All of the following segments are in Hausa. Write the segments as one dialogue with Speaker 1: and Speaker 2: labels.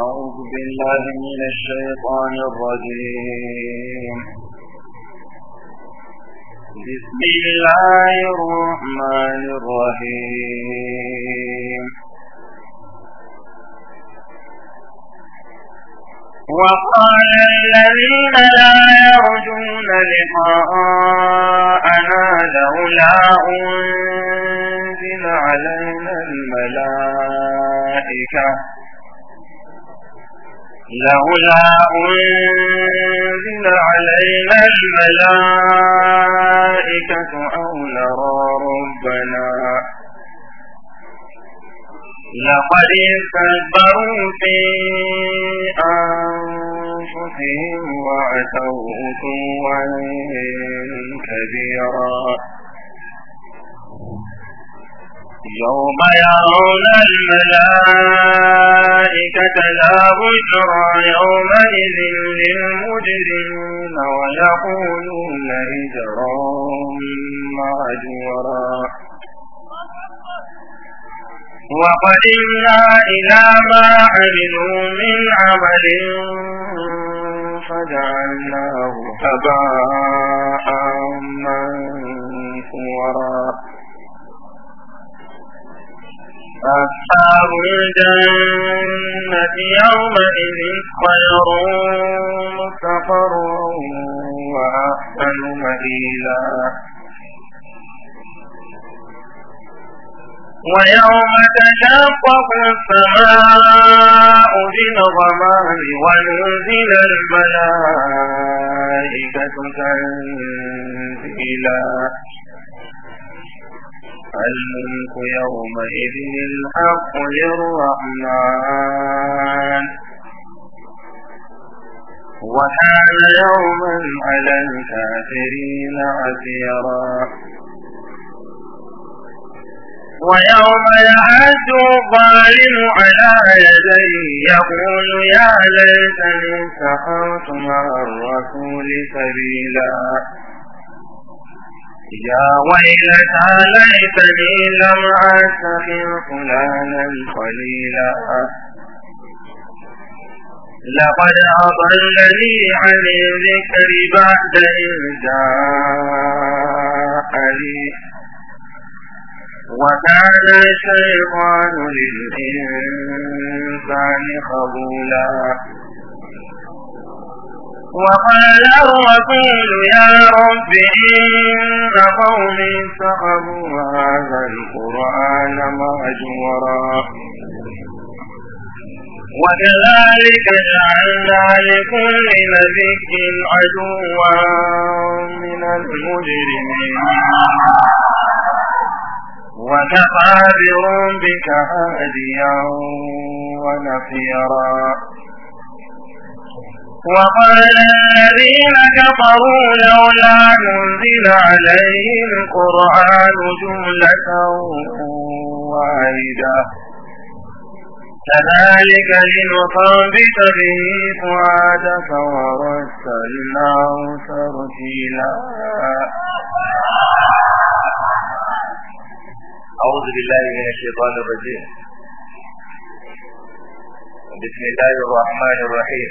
Speaker 1: أعوذ بالله من الشيطان الرجيم بسم الله الرحمن الرحيم وقال الذين لا
Speaker 2: يرجون لقاءنا لولا أنت علينا الملائكة لولا
Speaker 1: أنزل علينا الملائكة أو نرى ربنا
Speaker 2: لقد استكبروا في أنفسهم وعتوا أتوا كبيرا يوم يرون الملائكة لا بشرى يومئذ للمجرمين ويقولون إجرا معجورا وقدمنا إلى ما عملوا من عمل
Speaker 1: فجعلناه هباء منثورا أصحاب الجنة يومئذ خير مستقر وأحسن مليلا
Speaker 2: ويوم تشقق السماء بالغمام وانزل الملائكة تنزيلا الملك يومئذ الحق للرحمن وحال يوما على الكافرين عسيرا ويوم يعد
Speaker 1: الظالم على يديه
Speaker 2: يقول يا ليتني سخرت مع الرسول سبيلا يا ويلتا ليتني لم أتخذ فلانا خليلا لقد أضلني عن الذكر بعد إذ وكان الشيطان
Speaker 1: للإنسان خبولا وقال الرسول يا رب إن قومي سحبوا هذا القرآن مأجورا
Speaker 2: وكذلك جعلنا لكل نبي عدوا من المجرمين
Speaker 1: وكفى بربك هاديا
Speaker 2: ونفيرا وقال الذين كفروا لولا أنزل عليه القرآن جملة واحدة كذلك لنثبت به فؤادك ورسلناه ترتيلا أعوذ بالله من الشيطان الرجيم بسم الله الرحمن الرحيم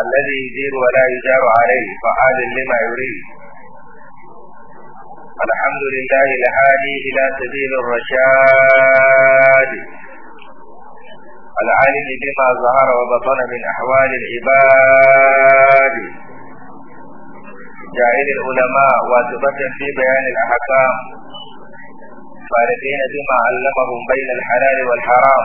Speaker 2: الذي يجير ولا يجار عليه فحال لما يريد الحمد لله الهادي إلى سبيل الرشاد العالم بما ظهر وبطن من أحوال العباد جاهل العلماء واثبة في بيان الأحكام فارقين بما علمهم بين الحلال والحرام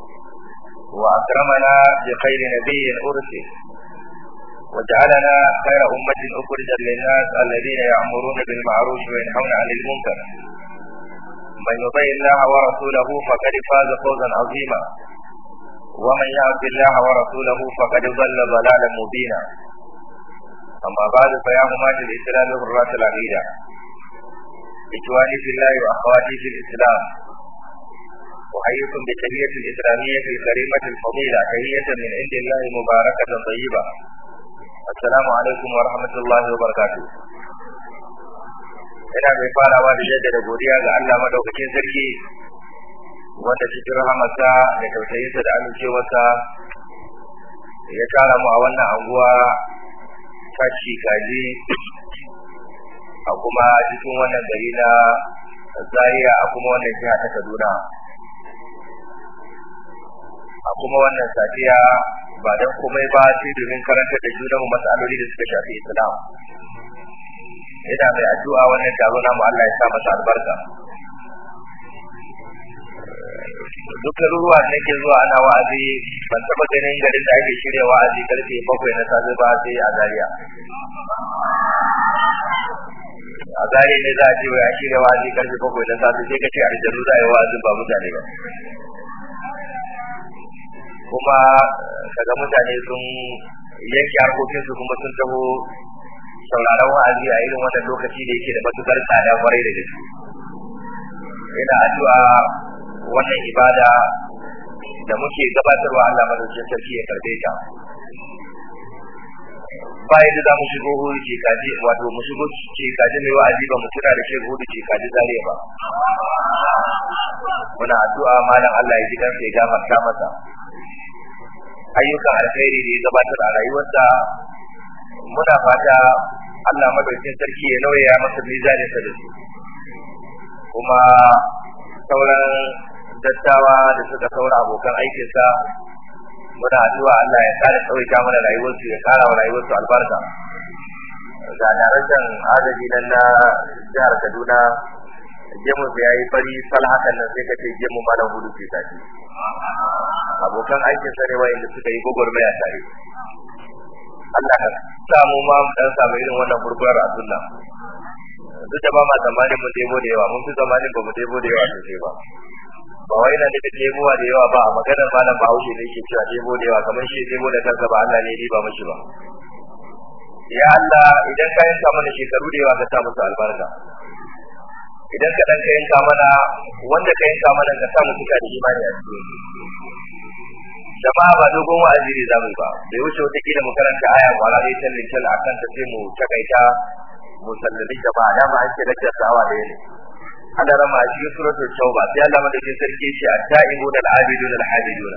Speaker 2: وأكرمنا بخير نبي أرسل وجعلنا خير أمة أخرج للناس الذين يأمرون بالمعروف وينهون عن المنكر من يطيع الله ورسوله فقد فاز فوزا عظيما ومن يعص الله ورسوله فقد ضل ضلالا مبينا أما بعد فيا همات الإسلام وحرات العقيدة إخواني في الله وأخواتي في الإسلام أحييكم بتهية الإسلامية كريمة الفضيلة تهية من عند الله مباركة طيبة السلام عليكم ورحمة الله وبركاته ina mai farawa da da godiya ga Allah madaukakin sarki wanda cikin rahamarsa da tausayinsa da amincewarsa ya tara mu a wannan anguwa ta gaji a kuma cikin wannan gari na Zaria a kuma wannan jiha ta Kaduna a kuma wannan safiya ba don komai ba shi domin karanta da mu matsaloli da suka shafi Islam ina mai addu'a wannan taro mu Allah ya sa masa albarka duk ruwa da ke zuwa ana wa'azi ban taɓa ganin garin da ake shirya wa'azi karfe bakwai na safe ba sai a Zaria a Zaria ne za a ce wa ya shirya wa'azi karfe bakwai na safe sai ka ce a za a ya wa'azin ba mutane ba kuma kaga mutane sun yanke harkokin su kuma sun taho sauraron wa'azi a irin wannan lokaci da yake da matukar tsada kwarai da gaske ina addu'a wannan ibada da muke gabatarwa Allah madaukakin sarki ya karbe ta bayan da mu shigo hudu ce kaji wato mu shigo ce kaji mai wa'azi ba mu tuna da ke hudu ce kaji zare ba muna addu'a malam Allah ya ji dan sai gafarta masa ayyukan alkhairi da ya gabatar a rayuwarsa muna fata Allah madaukakin sarki ya nauya masa mizanin sa da su kuma sauran dattawa da suka saura abokan aikinsa muna addu'a Allah ya kare tsawaita mana rayuwarsu ya kara wa rayuwarsu albarka ga daraktan agaji nan na jihar Kaduna jemu ya yi fari sal hakan nan sai kace jemu malam hudu ce tafi abokan aikin sa ne wayanda suka yi gogormaya tare Allah ka samu ma dan samu irin wannan gurgurar a duk da ba ma zamanin mu debo da yawa mun fi zamanin ba mu debo da yawa sosai ba ba wai na daga debowa da yawa ba a maganar malam bahaushe ne yake cewa debo da yawa kamar shi debo da kansa ba Allah ne riba mashi ba ya Allah idan ka yanka mana shekaru da yawa ka sa musu albarka idan ka dan ka yanka mana wanda ka yanka mana ka sa mu fita da imani a cikin jama'a ba dogon wa'azi ne zamu ba bai wuce wata kila mu karanta aya wala dai tallin tal akan ta sai mu takaita mu sallabi jama'a da ma ake da tsawa da yake هذا لما في سورة التوبة يا لما تجي na التائبون العابدون الحامدون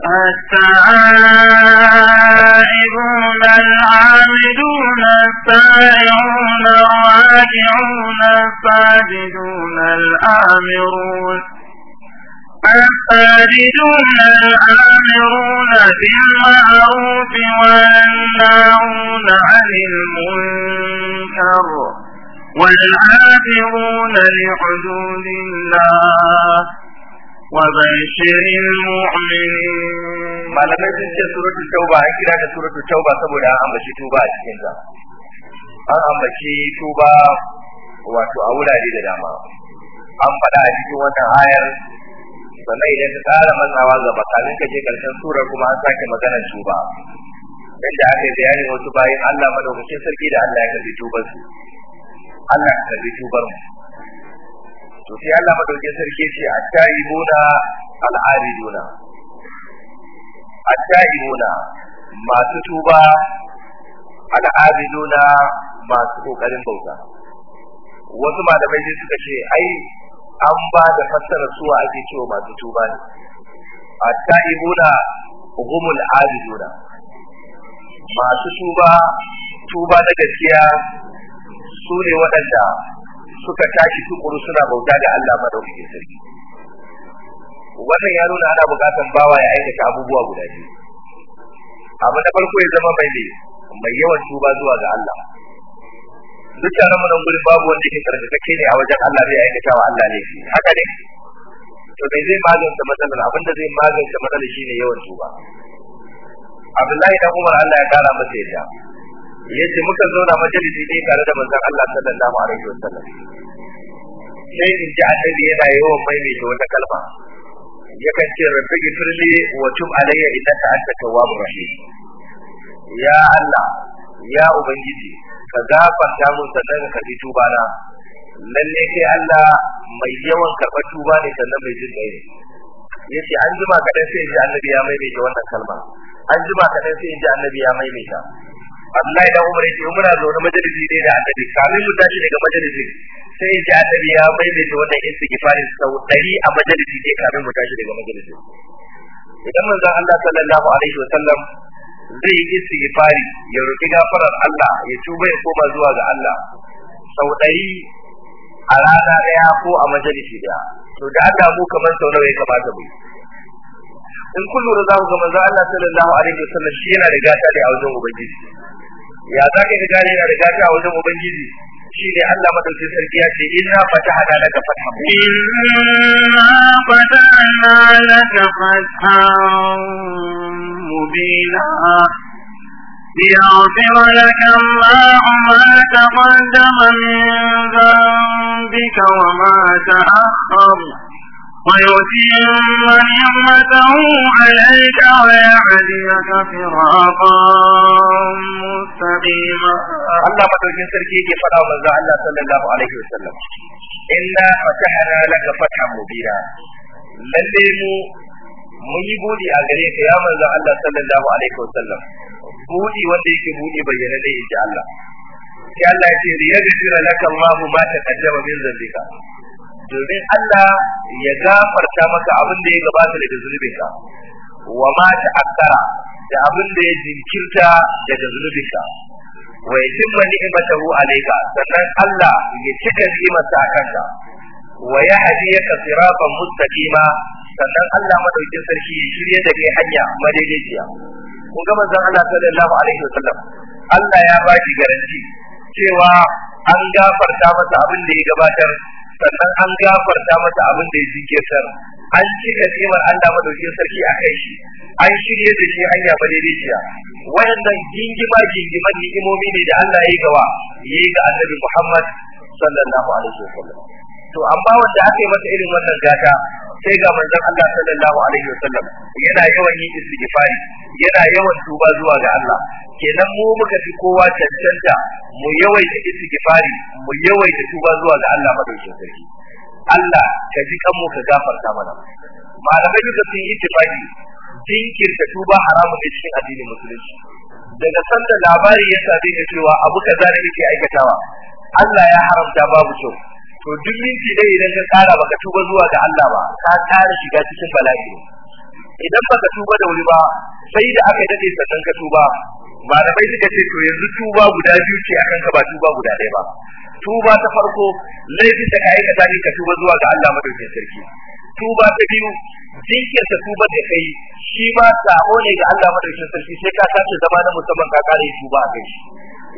Speaker 1: التائبون العابدون السائعون الراكعون الساجدون
Speaker 2: الآمرون الساجدون الآمرون بالمعروف والناهون عن المنكر والعابرون لحدود الله وبشر المؤمنين malamai sun ce suratul tauba an kira da suratul tauba saboda an ambaci tuba a cikin ta an ambaci tuba wato a wurare da dama an faɗa a cikin wannan ayar sannan idan ta tsara matsawa gaba kafin ka je karshen sura kuma an sake magana tuba dan da aka bayani wasu bayan Allah madaukakin sarki da Allah ya karbi tubar su Allah ya karbi tubar mu to sai Allah madaukakin sarki ce at-taibuna al-ariduna at-taibuna masu tuba al-ariduna masu kokarin bauta wasu malamai sai suka ce ai an ba da fassara suwa ake cewa masu tuba ne at-ta'ibuna humul abiduna masu tuba tuba na gaskiya su ne waɗanda suka tashi tukuru suna bauta da Allah madaukakin sarki wannan ya nuna ana bukatar bawa ya aikata abubuwa guda biyu abu na farko ya zama mai mai yawan tuba zuwa ga Allah duk taron mu nan gurin babu wanda yake take ne a wajen Allah zai aikata wa Allah ne haka ne to bai zai magance matsalar abinda zai magance matsalar shine yawan tuba Abdullahi da Umar Allah ya kara masa yadda yace muka zauna majalisi ne tare da manzon Allah sallallahu alaihi wasallam sai in ji annabi yana yawan maimaita wata kalma yakan ce rabbi gifirli wa tub alayya innaka antat tawwabur rahim ya Allah ya ubangiji ka gafarta mun sannan ka ji tuba na lalle kai Allah mai yawan karɓar tuba ne sannan mai jin ne yace an jima kaɗan sai ji annabi ya maimaita wannan kalma an jima kaɗan sai ji annabi ya maimaita Allah da Umar yace Umar zo na majalisi ne da annabi kamin mu tashi daga majalisi sai ji annabi ya maimaita wannan istighfar sau 100 a majalisi ne kamin mu tashi daga majalisi idan manzon Allah sallallahu alaihi wasallam zai yi istighfari ya roki gafarar Allah ya tuba ya koma zuwa ga Allah sau ɗari a rana ɗaya ko a majalisi ɗaya to da Allah mu kamar sau nawa ya kamata mu in kun lura za ku ga manzo Allah sallallahu alaihi wasallam shi yana da gata da a wajen ubangiji ya za ka yana da gata a wajen ubangiji shi ne Allah madaukakin sarki ya ce inna fatahna laka fathan inna fatahna laka fathan mubina ليغفر لك الله ما تقدم من ذنبك وما تأخر ويتم نعمته عليك ويهديك صراطا مستقيما الله مدوكين سركي يجي فدا منزا الله صلى الله عليه وسلم إنا فتحنا لك فتحا مبينا lalle mu mun yi buɗi a gare ka ya manzo Allah sallallahu alaihi wasallam buɗi wanda yake buɗi bayyana ne inji Allah sai Allah ya ce liyadfira laka Allahu domin Allah ya gafarta maka abin da ya gabata daga zunubinka wa ma ta'akkara da abin da ya jinkirta daga zunubinka wa yatimma ni'matahu alayka sannan Allah ya cika ni'imarsa a kanka wa yahdiyaka siratan mustaqima sannan Allah madaukin sarki ya shirye da kai hanya madaidaiciya kun ga manzon Allah sallallahu alaihi wasallam Allah ya ba shi garanti cewa an gafarta masa abin da ya gabatar sannan an gafarta mata abin da ya sar an ci ni'imar Allah madaukin sarki a kai shi an shirye da shi hanya ba daidaiciya wayannan gingima gingiman imomi ne da Allah ya gawa ya yi ga annabi Muhammad sallallahu alaihi wasallam to amma wanda aka yi masa irin wannan gata sai ga manzon Allah sallallahu alaihi wasallam yana yawan yin istighfari yana yawan tuba zuwa ga Allah kenan mu muka fi kowa cancanta mu yawaita istighfari mu yawaita tuba zuwa ga Allah madaukakin sarki Allah ka ji kanmu ka gafarta mana malamai duka sun yi ittifaqi jinkirta tuba haramun ne cikin addinin musulunci daga sanda labari ya sabe da cewa abu kaza ne yake aikatawa Allah ya haramta babu so. to duk minti dai idan ka kara baka tuba zuwa ga Allah ba ka tsara shiga cikin bala'i idan baka tuba da wuri ba sai da aka dade sakan ka tuba malamai suka ce to yanzu tuba guda biyu ce akan ka ba tuba guda ɗaya ba tuba ta farko laifin da ka aikata ka tuba zuwa ga Allah madaukakin sarki tuba ta biyu jinkirta tuba da kai shi ma sabo ne ga Allah madaukakin sarki sai ka sace zama na musamman ka kare tuba a kai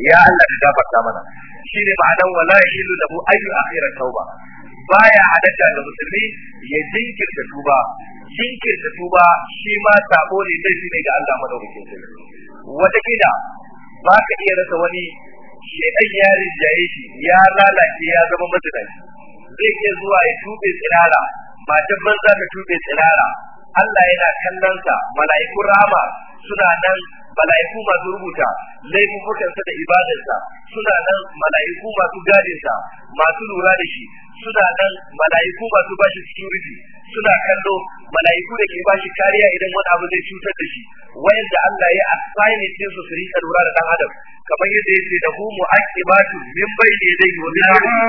Speaker 2: ya Allah ka gafarta mana shi ne ma'anar wala da lahu ayyu akhirat tauba baya halatta da musulmi ya jinkirta tuba jinkirta tuba shi ma sabo ne laifi ne ga Allah madaukakin sarki gida ba ka iya rasa wani shi shekan yarin jaye shi ya lalace ya zama mazinaci zai iya zuwa ya tuɓe tsirara matan banza ka tuɓe tsirara Allah yana kallon sa mala'iku rama suna nan mala'iku masu rubuta laifukan sa da ibadarsa suna nan mala'iku masu gadin masu lura da shi suna nan mala'iku masu bashi security suna kallo mala'iku da ke bashi kariya idan wani abu zai cutar da shi wayanda Allah ya assign din su su rika dora da dan adam kamar yadda yake da humu aqibatu min bayni yadayhi wa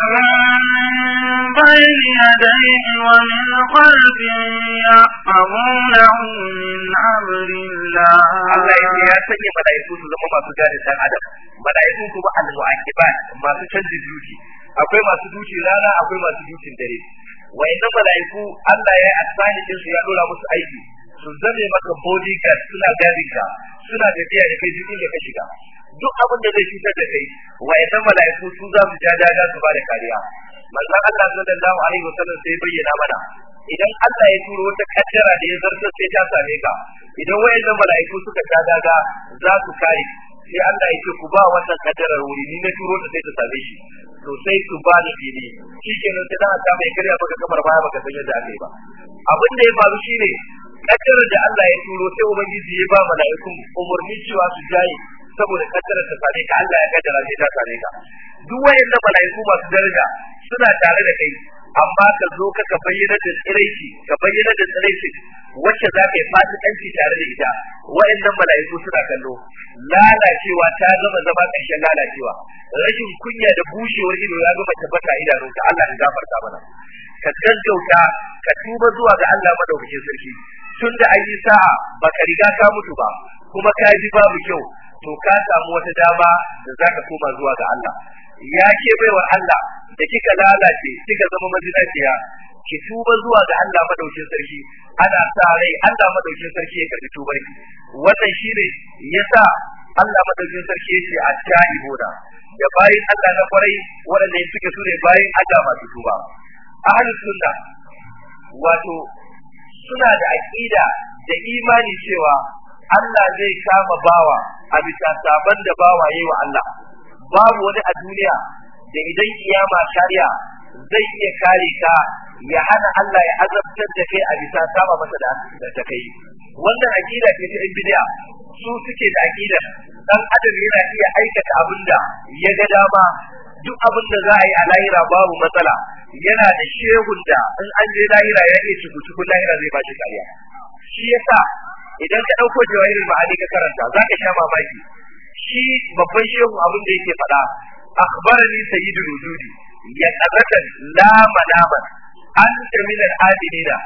Speaker 2: min bayni yadayhi wa min khalfihi ya'lamunahu min amrillah Allah ya sanya mala'iku su zama masu gane dan adam mala'iku kuma al-mu'aqibat masu canji duty akwai masu dukin rana akwai masu dukin dare Wai da mala'iku Allah ya asani din su ya dora musu aiki su zame maka bodyguard suna gadin ka suna da tiya da kai duk da ka shiga duk abin da zai cutar da kai Wai da mala'iku su za su ja daga su ba da kariya manzon Allah sallallahu alaihi wasallam sai bayyana mana idan Allah ya turo wata kaddara da ya zarta sai ta same ka idan wai da mala'iku suka ja daga za su kare sai Allah ya ce ku ba wannan kadarar wuri ni na turo da sai ta sabe shi to sai su ba da fili shikenan sai da ta mai karya baka kamar baya baka san yadda ake ba abin da ya faru shine kadarar da Allah ya turo sai ubangiji ya ba mala'ikun umurni cewa su jaye saboda kadarar ta same ka Allah ya kaddara sai ta sabe ka duk wayanda mala'iku masu daraja suna tare da kai amma ka zo ka bayyana da tsiraici ka bayyana da tsiraici wacce za ka yi fasikanci tare da ita wa'annan mala'iku suna kallo lalacewa ta zama zama ƙarshen lalacewa rashin kunya da bushewar ido ya zama tabbata idanunka Allah ya gafarta mana ka gaggauta ka tuba zuwa ga Allah madaukakin sarki tun da an yi sa'a baka riga ka mutu ba kuma ka ji babu kyau to ka samu wata dama da zaka koma zuwa ga Allah ya ke baiwar Allah da kika lalace kika zama mazinaciya ki tuba zuwa ga Allah madaukin sarki ana sa rai Allah madaukin sarki ya karbi tubar ki wannan shine yasa Allah madaukin sarki yace at-ta'ibuna da bayin Allah na kwarai waɗanda suke sure bayin Allah masu tuba ahlus sunna wato suna da aqida da imani cewa Allah zai kama bawa a bisa saban da bawa yayi wa Allah babu wani a duniya da idan kiyama shari'a zai iya kare ka ya hana Allah ya azabtar da kai a bisa saba masa da ta kai wannan aqida ce ta bid'a su suke da aqida dan adam yana iya aikata abinda ya ga dama duk abinda za a yi a lahira babu matsala yana da shehun da in an je lahira ya yi cikin cikin lahira zai ba shi kariya shi yasa idan ka dauko jawahirul ma'ani ka karanta za ka sha mamaki shi babban shehu abin da yake faɗa akhbarani sayyidul wujudi ya qadatan la manama An min al-abidina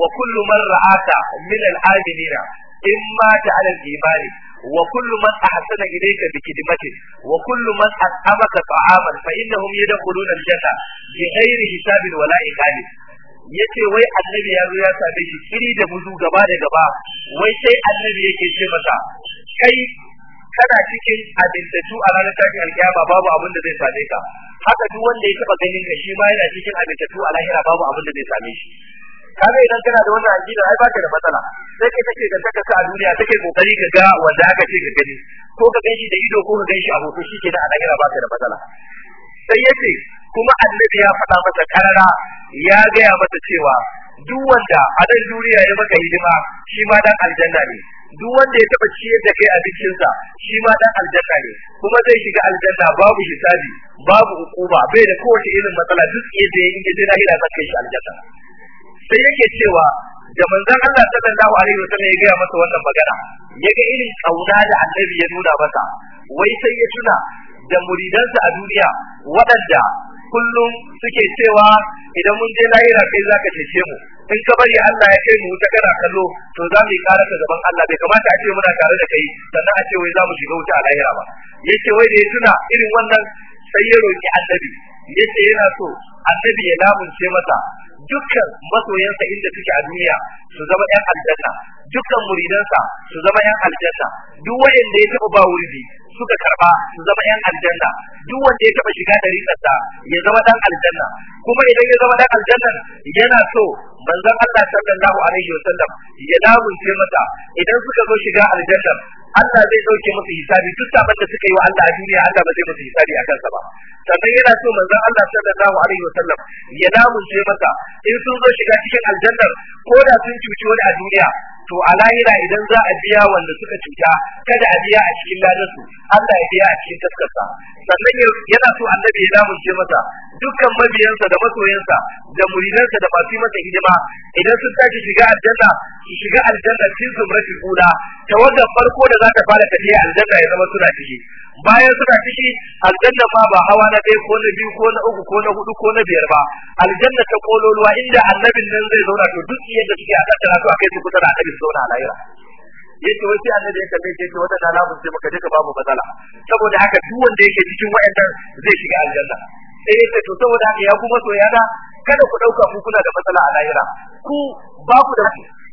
Speaker 2: wa kullu man ra'aka min al-abidina imma ta'ala al-imani wa kullu man ahsana ilayka bi kidmati wa kullu man at'amaka ta'aman fa innahum yadkhuluna al-janna bi ghairi hisabin wala iqalin yace wai annabi ya zo ya same shi kiri da muzu gaba da gaba wai sai annabi yake ce masa kai kana cikin abintatu a ranar tashin alkiyama babu abin da zai same ka haka duk wanda ya taba ganin ka shi ma yana cikin abintatu a lahira babu abin da zai same shi kaga idan kana da wannan aqida ai baka da matsala sai kai take da ka a duniya take kokari ka ga wanda aka ce ka gani ko ka ganshi da ido ko ka ganshi a hoto shi kenan a lahira baka da matsala sai yace kuma annabi ya faɗa masa karara ya gaya masa cewa duk wanda a nan duniya ya maka hidima shi ma dan aljanna ne duk wanda ya taba ciyar da kai a sa shi ma dan aljanna ne kuma zai shiga aljanna babu hisabi babu hukuma bai da kowace irin matsala duk yadda ya yi da lahira da kai shi aljanna sai yake cewa da manzon Allah sallallahu alaihi wasallam ya gaya masa wannan magana ya ga irin kauna da annabi ya nuna masa wai sai ya tuna da muridansa a duniya waɗanda kullum suke cewa idan mun je lahira za zaka cece mu in ka bari Allah ya kai mu wuta kana kallo to za mu yi kara ka gaban Allah bai kamata a ce muna tare da kai sannan a ce wai za mu shiga wuta a lahira ba yace wai da ya tuna irin wannan sai ya roki annabi yace yana so annabi ya lamunce masa dukkan masoyansa inda suke a duniya su zama yan aljanna dukkan muridansa su zama yan aljanna duk wanda ya taba ba wurdi suka karba su zama yan aljanna duk wanda ya taba shiga dariƙarsa ya zama dan aljanna kuma idan ya zama dan aljanna yana so manzon Allah sallallahu alaihi wasallam ya lamunce mata idan suka zo shiga aljanna Allah zai dauke musu hisabi duk sabon da suka yi wa Allah a duniya Allah ba zai musu hisabi a kansa ba sannan yana so manzon Allah sallallahu alaihi wasallam ya lamunce mata in sun zo shiga cikin aljannar ko da sun cuci wani a duniya to a lahira idan za a biya wanda suka cuta kada a biya a cikin ladarsu Allah ya biya a cikin taskarsa sannan yana so annabi ya lamunce masa dukkan mabiyansa da masoyansa da muridansa da masu masa hidima idan sun tashi shiga aljanna su shiga aljanna cikin zumratul ula tawagar farko da za ta fara tafiya aljanna ya zama suna ciki bayan suka ciki aljanna ma ba hawa na ɗaya ko na biyu ko na uku ko na hudu ko na biyar ba aljanna ta kololuwa inda annabin nan zai zauna to duk yadda suke a tattara su a kai su kusa da annabin zauna lahira yace wai sai annabi ya kalle shi yace wata na mun sai maka duka babu matsala saboda haka duk wanda yake cikin wayannan zai shiga aljanna sai yace to saboda haka ya kuma da kada ku dauka ku kuna da matsala a lahira ku ba ku da hatta da su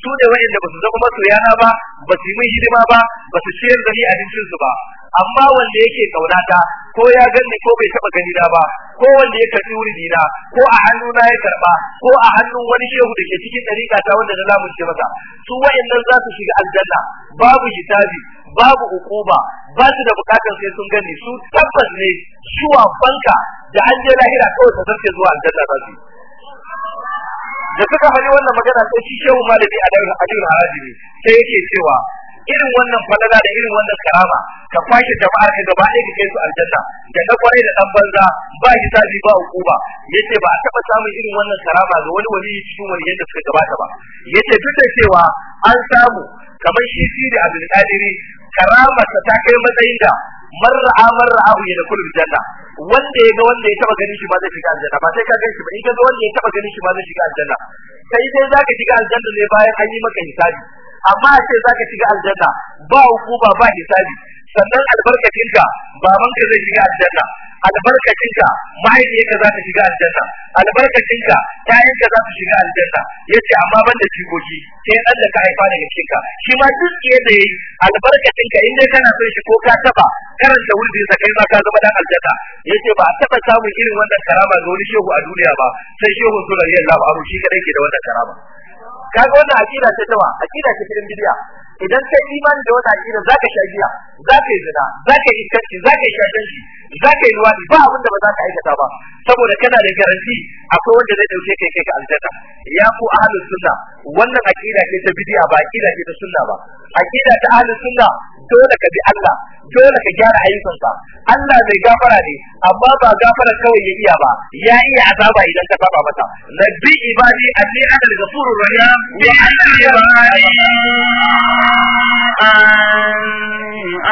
Speaker 2: su ne wa'anda ba su zama yana ba ba su yi mun hidima ba ba su ciyar da ni abincin su ba amma wanda yake kaunata ko ya gani ko bai taba gani na ba ko wanda ya karbi wurdi na ko a hannu na ya karba ko a hannun wani shehu da ke cikin dariƙa ta wanda na lamun ce masa su wa'annan za su shiga aljanna babu hisabi babu hukuma ba su da bukatar sai sun gani su tabbas ne suwa banka da an je lahira kawai ta zarce zuwa aljanna za su da suka hari wannan magana sai shi shehu malami a dalil adil harajimi sai yake cewa irin wannan falala da irin wannan karama ka kwashe jama'ar ka gaba ɗaya ka kai su aljanna da ka kware da ɗan banza ba hisabi ba hukuma yace ba a taɓa samun irin wannan karama ga wani wani cikin wani yadda suka gabata ba yace duk da cewa an samu kamar shi da abdul kadiri karama ta kai matsayin da Marra'a, mar'a man na ya janna wanda ya ga wanda ya taba ganin shi ba zai shiga aljanna ba sai ka ganin shi ba in ka ga wanda ya taba ganin shi ba zai shiga aljanna sai dai zaka shiga aljanna ne bayan an yi maka hisabi amma sai zaka shiga aljanna ba hukuma ba hisabi sannan baban babanka zai shiga aljanna albarkacinka mahaifiyarka za ta shiga aljanna albarkacinka ƴaƴanka za zata shiga aljanna yace amma ban da jikoki sai dan da ka haifa daga cikinka shi ma duk da yayi albarkacinka in dai kana son shi ko ka taba karanta wurin sa kai ma ka zama dan aljanna yace ba a taɓa samun irin wannan karama ga wani shehu a duniya ba sai shehu sallallahu alaihi wasallam shi kadai ke da wannan karama kaga wannan aqida ce ta ba aqida ce cikin bid'a idan kai imani da wannan aqida zaka sha giya zaka yi zina zaka yi kashi zaka yi shashanci zaka yi luwadi ba abin da ba zaka aikata ba saboda kana da garanti akwai wanda zai dauke kai kai ka aljanna ya ku ahlus sunna wannan aqida ce ta bid'a ba aqida ce ta sunna ba aqida ta ahlus sunna dole ka bi Allah dole ka gyara ayyukanka Allah mai gafara ne amma ba gafara kawai ya iya ba ya iya azaba idan ka saba masa nabbi ibadi anni ana al-ghafurur rahim bi
Speaker 1: anni ibadi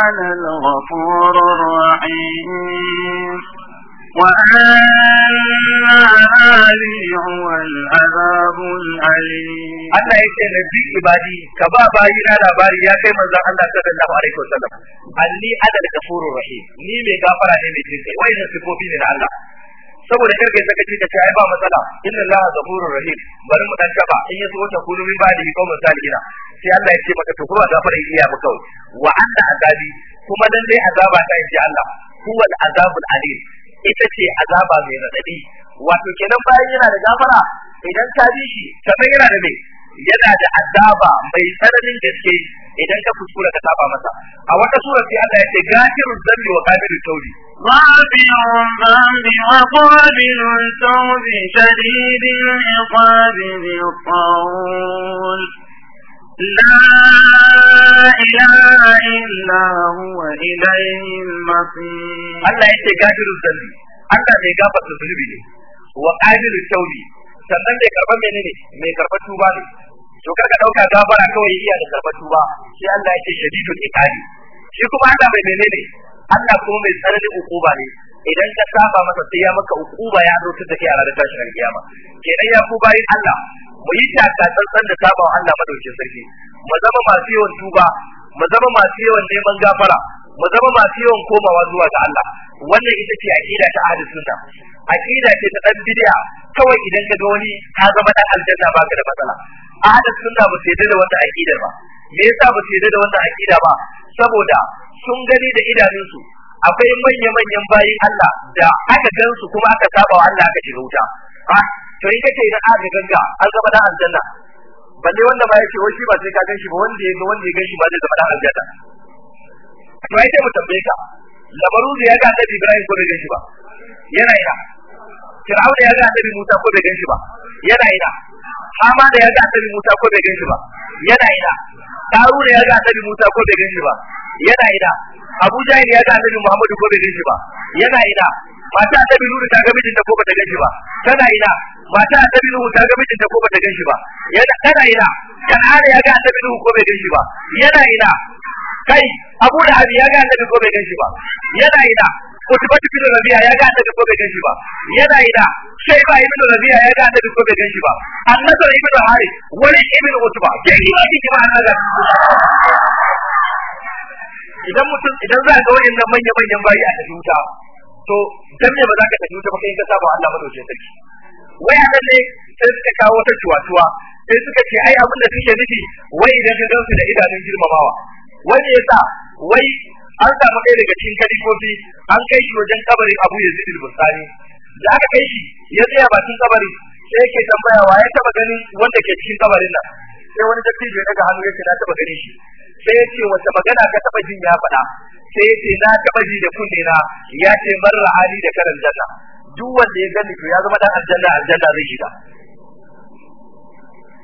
Speaker 1: ana
Speaker 2: al-ghafurur rahim Allah ya ce na bi ibadi ka ba bayi na labari ya kai manzon Allah sallallahu alaihi wasallam anni adal kafurur rahim ni mai gafara ne mai jinkai wai na sifofi ne na Allah saboda kar saka sakaci ka ai ba matsala inna Allah ghafurur rahim bari mu dan taba in yaso wata kullu min ba'di bi qawmin salihina sai Allah ya ce maka to kuma gafara iya maka wa anna azabi kuma dan dai azaba ta in Allah huwa al-azabul alim ita ce azaba mai radadi wato kenan bayan yana da gafara idan ka bi shi kamar yana da mai yana da azaba mai tsananin gaske idan ka kuskura ta saba masa a wata sura sai Allah ya ce gafiru zambi wa qadirut tawbi gafirun zambi wa qadirut tawbi shadidul iqabi bil لا إله إلا هو إليه المصير الله يتي قادر الذنب الله مي غفر الذنب ne wa qadir tawbi sannan mai karban menene mai karban tuba ne to kaga dauka gabara kawai iya da karban tuba sai Allah yake shadidul iqabi shi kuma Allah mai menene Allah kuma mai tsananin ukuba ne idan ka saba masa sai ya maka ukuba ya zo da kai a ranar tashin kiyama dai ya ku bayin Allah mu yi taka tsantsan da saba wa Allah madaukin sarki mu zama masu yawan tuba mu zama masu yawan neman gafara mu zama masu yawan komawa zuwa ga Allah wannan ita ce aqida ta ahli sunna aqida ce ta dan bid'a kawai idan ka ga wani ka zama dan aljanna baka da matsala ahli sunna ba su da wannan aqida ba me yasa ba su da wannan aqida ba saboda sun gani da idanunsu akwai manya manyan bayin Allah da aka gansu kuma aka saba wa Allah aka shiga wuta ah, to ita ce idan aka ganga an zama dan aljanna balle wanda ba yake wai shi ba sai ka ganshi ba wanda ya ga wanda ya ganshi ba zai zama da aljanna to ai sai mu tambaye ka labaru da ya ga annabi Ibrahim ko bai ganshi ba yana ina da ya ga annabi Musa ko bai ganshi ba yana ina Hama da ya ga annabi Musa ko bai ganshi ba yana ina Taru da ya ga annabi Musa ko bai ganshi ba yana ina Abu Jahil ya ga annabi Muhammadu ko bai ganshi ba yana ina mata annabi nuhu ta ga mijinta ko bata ganshi ba tana ina mata annabi nuhu ta ga mijinta ko bata ganshi ba yana tana ina kan'ana ya ga annabi nuhu ko bai ganshi ba yana ina kai abu da abi ya ga annabi ko bai ganshi ba yana ina kutubatu bin rabiya ya ga annabi ko bai ganshi ba yana ina sai ba ibnu rabiya ya ga annabi ko bai ganshi ba annabi ibnu harith wani ibnu utba ke kima kike ba annabi idan mutum idan za ka ga wannan manya manyan bayi a cikin to dan ne ba za ka tafi wuta ba kai ka saba Allah ba dauke sarki wai a ne sai suka kawo wata tuwa sai suka ce ai abin da suke nufi wai idan ka gansu da idanun girmamawa Wani yasa wai an samu ɗaya daga cikin kalifofi an kai shi wajen kabarin Abu Yazid al-Bustani da aka kai shi ya tsaya bakin kabarin sai yake tambaya wa ya taba ganin wanda ke cikin kabarin nan sai wani dattijo ya daga hannu yake na taba ganin shi sai ya ce wace magana ka taba jin ya faɗa sai ce na taɓa ji da kunne na ya ce marra hali da karan janna duk wanda ya gani to ya zama dan aljanna aljanna zai shiga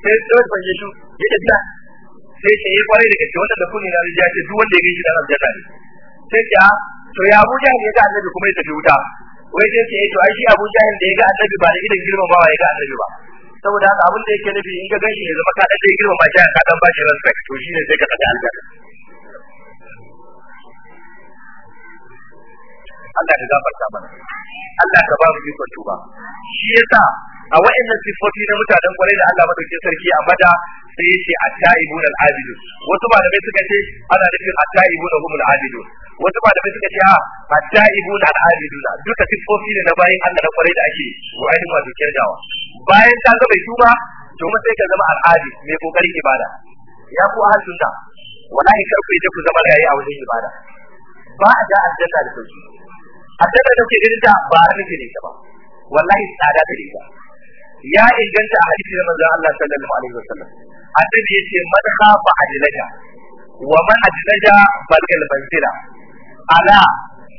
Speaker 2: sai sai ban yishu ya ce eh, da sai ce yayi kwarai da kace wanda da kunne na ya ce duk wanda ya gani shi dan aljanna ne sai ce ah, to ya Abuja ne ga annabi kuma ya tafi wuta wai sai ce eh, to ai shi Abuja ne da ya ga annabi ba da idan girmamawa ya ga annabi ba saboda haka abin da yake nufi in ka ganshi ne zama ka dan girmama shi ka dan ba shi respect to shine sai ka tsaka aljanna Allah ka gafarta mana Allah ka ba mu ikon tuba shi yasa a wa'annan sifofi na mutanen kwarai da Allah madaukin sarki a mada sai yace at-taibun al-abidun wasu bai suka ce ana nufin at-taibun humul abidun wasu bai suka ce a at-taibun al abidu duka sifofi ne na bayin Allah na kwarai da ake wa'annan wato dawa. bayan ta ga bai tuba to mu sai ka zama al-abid mai kokarin ibada ya ku ahlus sunna wallahi kar ku je ku zama yayi a wajen ibada ba a da aljanna da sauki haddada da ke irin ta ba har nake ne ba wallahi tsada ta ne ya inganta a hadisi na manzon Allah sallallahu alaihi wa wasallam annabi yace man a ajlaja wa man ajlaja balgal manzila ala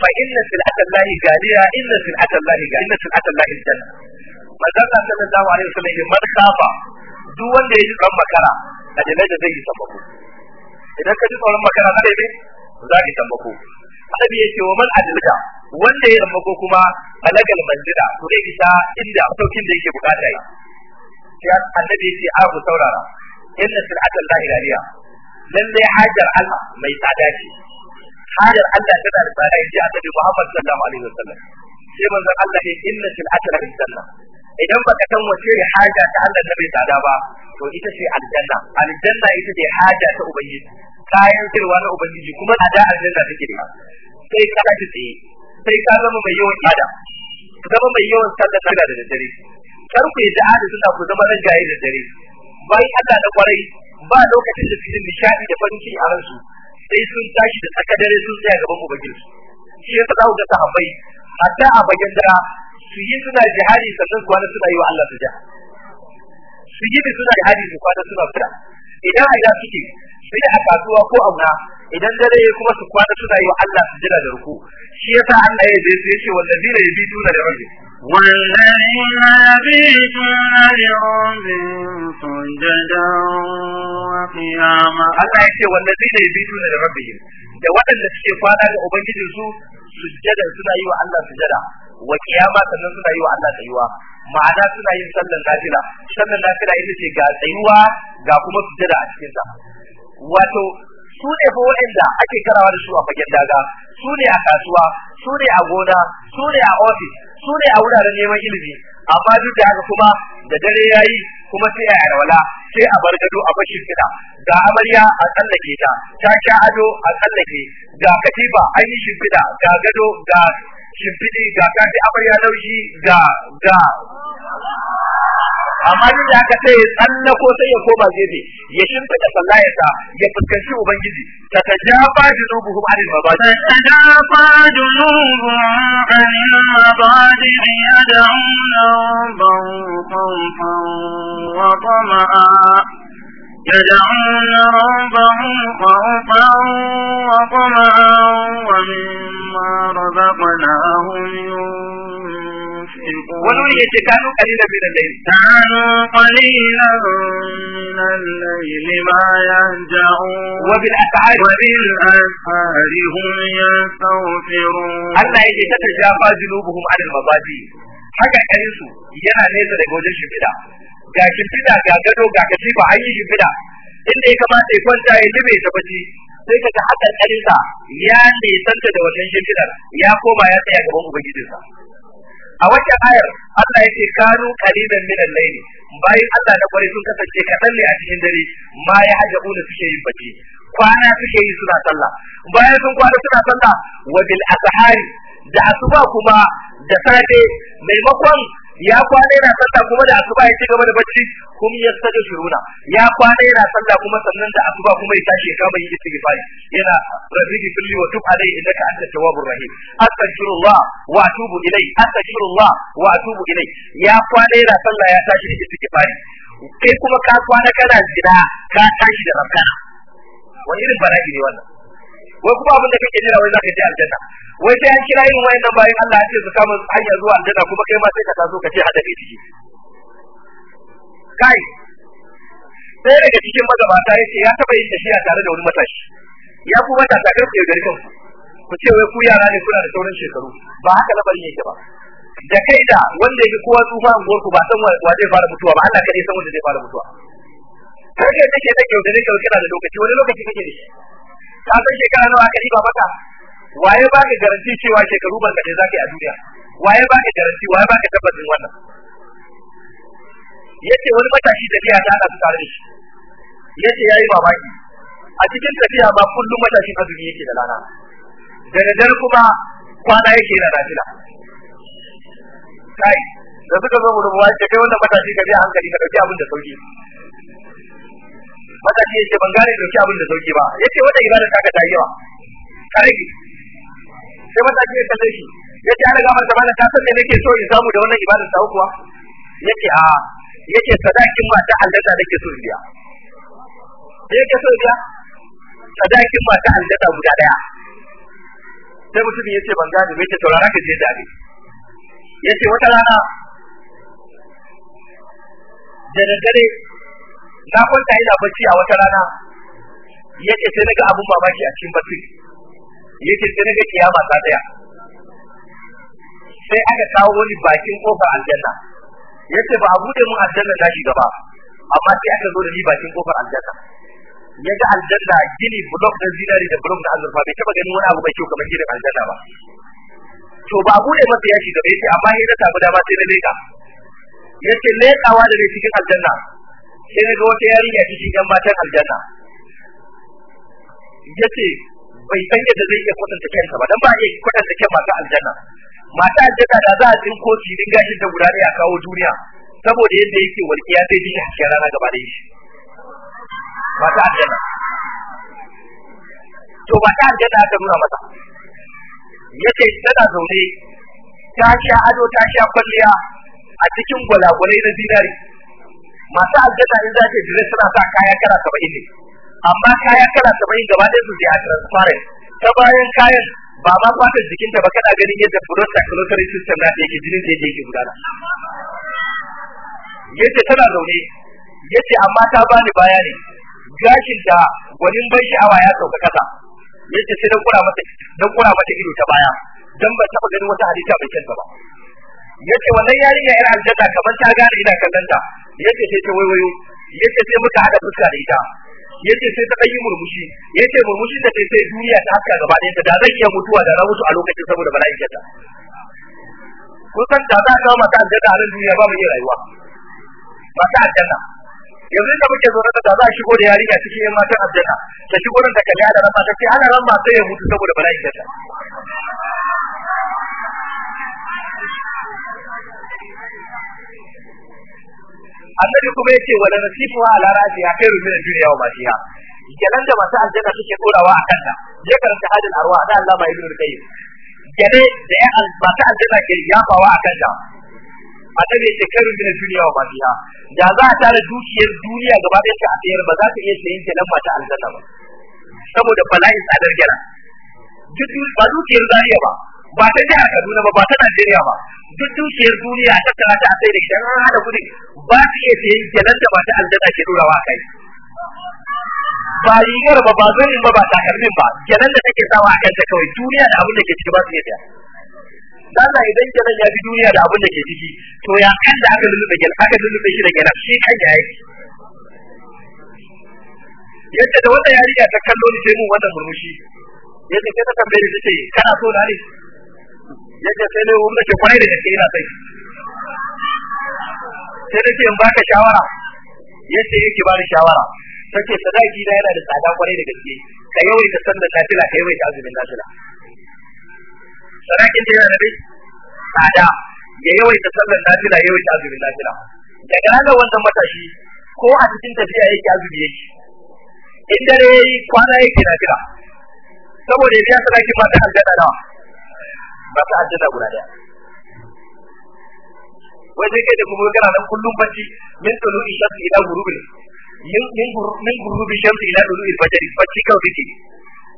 Speaker 2: fa inna sil'ata Allah galiya inna sil'ata Allah galiya inna sil'ata Allah aljanna manzon Allah sallallahu alaihi sallam yace man khafa duk wanda ya ji tsoron makara ajlaja zai yi sababu idan ka ji tsoron makara zai ne za ka yi sababu annabi yace wa man adrika wanda ya ko kuma balagal manzila to dai isa inda saukin da yake bukata yi sai annabi yace a ku saurara inna sir'atan la ilahiya lalle hajar Allah mai tsada ce hajar Allah tana da tsada yace annabi Muhammad sallallahu alaihi wasallam sai manzon Allah ya inna sir'atan la ilahiya idan baka san wace ne haja ta Allah da bai tsada ba to ita ce aljanna aljanna ita ce haja ta ubangiji kayan sirwa na ubangiji kuma a da aljanna take da sai ka tashi tsaye sai ka zama mai yawan ibada ka zama mai yawan sallar da daddare kar ku yi da ahli suna ku zama ran jayi da dare bai Allah da kwarai ba lokacin da cikin nishadi da farin ciki a ransu sai sun tashi da tsaka dare sun tsaya gaban ubangiji shi ya za da sahabbai hatta a bayan dara su yi suna jihadi sannan su kwana suna yi wa Allah su ja. su yi suna jihadi su kwana suna fira idan a suke sai a kasuwa ko auna idan dare kuma su kwana suna yi wa Allah sujada da ruku shi ya sa Allah ya zai yace wallazina yabiduna da rabbi wallazina
Speaker 1: yabiduna li sun
Speaker 2: sujada wa qiyama Allah ya ce wanda yace wallazina na da rabbihim da waɗanda suke kwana ga ubangijinsu, su sujada suna yi wa Allah su sujada wa qiyama sannan suna yi wa Allah tsayuwa ma'ana suna yin sallar nafila sallar nafila ita ce ga tsayuwa ga kuma sujada a cikin ta wato su ne fa waɗanda ake karawa da su a fagen daga su ne a kasuwa su ne a gona su ne a ofis su ne a wuraren neman ilimi amma duk da haka kuma da dare yayi kuma sai a yarwala sai a bar gado a fashin fida ga amarya a tsallake ta ta sha ado a tsallake ga katifa an yi shimfiɗa ga gado ga shimfidi, ga kafi amarya laushi ga ga amma duk da aka sai ya tsanna ko sai ya koma gefe ya shimfida sallah ya sa ya fuskanci ubangiji ta tajafa junubuhum anil mabadi ta
Speaker 1: tajafa junubuhum anil mabadi yad'una rabbahum wa tama'a يدعون ربهم خوفا وطمعا
Speaker 2: ومما رزقناهم ينفقون wani wani yace kanu qalilan min al-layl kanu qalilan min al-layl ma yanja'un wa bil as'ar wa bil as'ar hum yastaghfirun Allah yake tatajafa junubuhum 'ala haka kansu yana nesa daga wajen shimfiɗa ga shimfiɗa ga gado ga katifa an yi shimfiɗa inda ya kamata ya kwanta ya zube ta bace sai kaga hakan kansa ya nisanta da wannan shimfiɗar ya koma ya tsaya gaban ubangijinsa a wata ayar Allah ya ce kanu kaliman min al-layli bayan Allah da kware sun kasance kadan ne a cikin dare ma ya da suke yin bacci kwana suke yi suna sallah bayan sun kwana suna sallah wa bil azhari da asuba kuma da safe maimakon ya kwana yana sallah kuma da asuba ya ci gaba da bacci kum yastajiruna ya kwana yana sallah kuma sannan da asuba kuma ya tashi ya kama yin istighfari yana rabbi kulli wa tub alai innaka anta tawwabur rahim astaghfirullah wa atubu ilai astaghfirullah wa atubu ilai ya kwana yana sallah ya tashi da istighfari kai kuma ka kwana kana zina ka tashi da rabbana wani irin bala'i ne wannan wai kuma abin da kake jira wai zaka je aljanna wai sai an kira yin wai wayannan bayan Allah ya ce su samu hanya zuwa aljanna kuma kai ma sai ka taso ka ce hada da shi kai sai daga cikin magabata yace ya taba yin tafiya tare da wani matashi ya kuma ta ta karfe da kan ku ce wai ku yara ne kuna da sauran shekaru ba haka bari yake ba da kai da wanda yake kowa tsufa anguwar ku ba san wa zai fara mutuwa ba Allah kadai san wanda zai fara mutuwa kai ne take take da kake kana da lokaci wani lokaci kake da shi ka san shekara nawa aka riba baka? waye ba ka garanti cewa shekaru ban kaɗai za ka yi a duniya waye ba ka garanti waye ba ka tabbacin wannan yace wani matashi tafiya ta haɗa su tare da shi yace yayi mamaki a cikin tafiya ba kullum matashi matashin azumi yake da lana. da daddare kuma kwana yake da nafila kai da suka zo mu rubuwa ce kai wannan matashi ka biya hankali ka dauki abin da sauki ce yace ban gane dauki abin da sauki ba yace wata ibada ta ka ta yawa karfi sai mata ce ta sai shi yace ana ga mata ta san me nake so in samu da wannan ibada ta kuwa yace a yace sadakin ta hallata nake so in biya sai yake so biya sadakin ta hallata guda daya sai mutum yace ban gane me yace saurara ka je da ni yace wata rana da daddare na kwanta yana bacci a wata rana yace sai naga abun mamaki a cikin bacci yace sai naga kiyama ta daya sai aka kawo wani bakin kofar aljanna yace ba a bude mun aljanna da shi gaba amma sai aka zo da ni bakin kofar aljanna yaga aljanna gini block da zinari da block da azurfa bai taba ganin wani abu bai kyau kamar gidan aljanna ba to ba bude masa ya shiga bai ce amma ya ta dama sai na leka yace lekawa da ne cikin aljanna sai ga wata yarinya cikin yan matan aljanna ya ce bai san yadda zai iya kwatanta kansa ba dan ba iya kwatanta kyan mata aljanna mata aljanna da za a tsinko koci din gashi da guda a kawo duniya saboda yadda yake walƙiya zai dai shi rana gaba da shi mata aljanna to mata aljanna ta nuna mata ce tana zaune ta sha ado ta sha kwalliya a cikin gwalagwalai na zinari masu aljanna in za ce dire suna sa kaya kala saba'in ne amma kaya kala saba'in gaba ɗaya su je a transparent ta bayan kayan ba ma fatar jikinta ba kana ganin yadda fluid circulatory system na yake jinin da yake gudana yace tana zaune yace amma ta bani baya ne gashin da gwanin ban sha'awa ya sauka kasa yace sai dan kura mata dan kura mata ido ta baya dan ba taba ganin wata halitta mai kyanta ba yace wannan yarinya yar aljanna kamar ta gane ina kallon ta yace sai ta waiwayo yace sai muka hada fuska da ita yace sai ta yi murmushi yace murmushi da sai duniya ta haska gaba ɗaya da zan iya mutuwa da rawusu a lokacin saboda bala'in jannah kusan da za ka mata aljanna a nan duniya ba mu yi rayuwa mata aljanna yanzu da muke zo da za a shigo da yarinya cikin yan matan aljanna ta shigo da kaga da rafa ta ce ana ran ba sai ya mutu saboda bala'in jannah annabi kuma yace wala nasifu ala ra'si ya kai rumin duniya wa bashiha kenan da masu aljanna suke dorawa a kanta ya karanta hadin arwa da Allah mai ibnu kai. kenan da ya masu aljanna ke yafawa a kanta annabi yace kai rumin duniya wa bashiha da za a tara dukiyar duniya gaba ɗaya ta a ba za ta iya sayin kenan masu aljanna ba saboda bala'in tsadar kenan duk ba dukiyar zariya ba ba ta jihar Kaduna ba ba ta Najeriya ba duk dukiyar duniya ta tara ta sai da shi an hada kudi ba su iya sayen kenan da ba ta aljanna ke wa kai ba rigar ba ba zanin ba ba takalmin ba kenan da take sawa a kanta kawai duniya da abin da ke ciki ba su iya saya Dana idan kenan ya duniya da abin da ke ciki to ya kan da aka lulluɓe kenan aka lulluɓe shi da kenan shi kan ya yi yadda da wanda ya ta kallo ni sai mun wannan murmushi yadda ke ta tambaye ni tace kana so na ne yadda sai dai wanda ke kwarai da gaske ina sai sai da ce in baka shawara yadda yake ba da shawara take sadaki na yana da tsada kwarai da gaske ka yawaita sallar nafila ka yawaita azumin nafila sadakin da yana da tsada ya yawaita sallar nafila yawaita azumin nafila daga haka wannan matashi ko a cikin tafiya yake azumi yake in dare yayi kwana yake nafila saboda ya sadaki ba ta aljanna nawa ba ka aljanna guda daya wai kai da kuma kana nan kullum bacci min tulu ishamsi ila gurubi min min min gurubi shamsi ila tulu al bacci kawai kake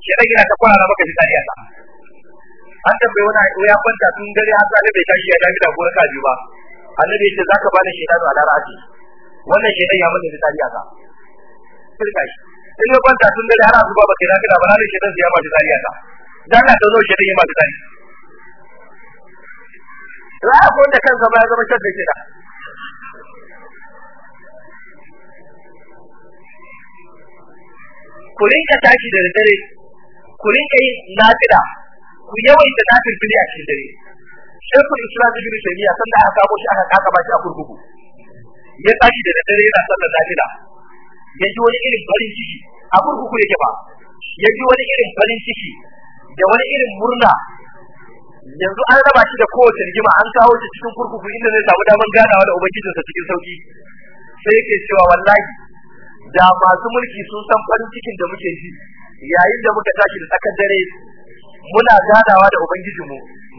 Speaker 2: shi dan yana ta maka a an tabbai wani ya kwanta tun dare har sai bai tashi ya tashi da gora biyu ba annabi ya zaka bani shedanu a aji. wannan shedan ya mana fitari a ka shi in ya kwanta tun dare har azuba ba kai na kira ba ya ma fitari a dan na tazo shedan ya ma fitari za a wanda kansa ba ya zama shan da ku rinka tashi da dare ku rinka yin nafila ku yawaita fili a cikin dare shekul islam ibn taymiya sanda aka kamo shi aka kaka ba shi a kurkuku ya tashi da dare yana sallar nafila ya ji wani irin farin ciki a kurkuku yake ba ya ji wani irin farin ciki da wani irin murna yanzu an raba shi da kowace rigima an kawo shi cikin kurkuku inda zai samu daman ganawa da ubangijinsa cikin sauki sai yake cewa wallahi da masu mulki sun san farin cikin da muke ji yayin da muka tashi da tsakar dare muna ganawa da ubangijinmu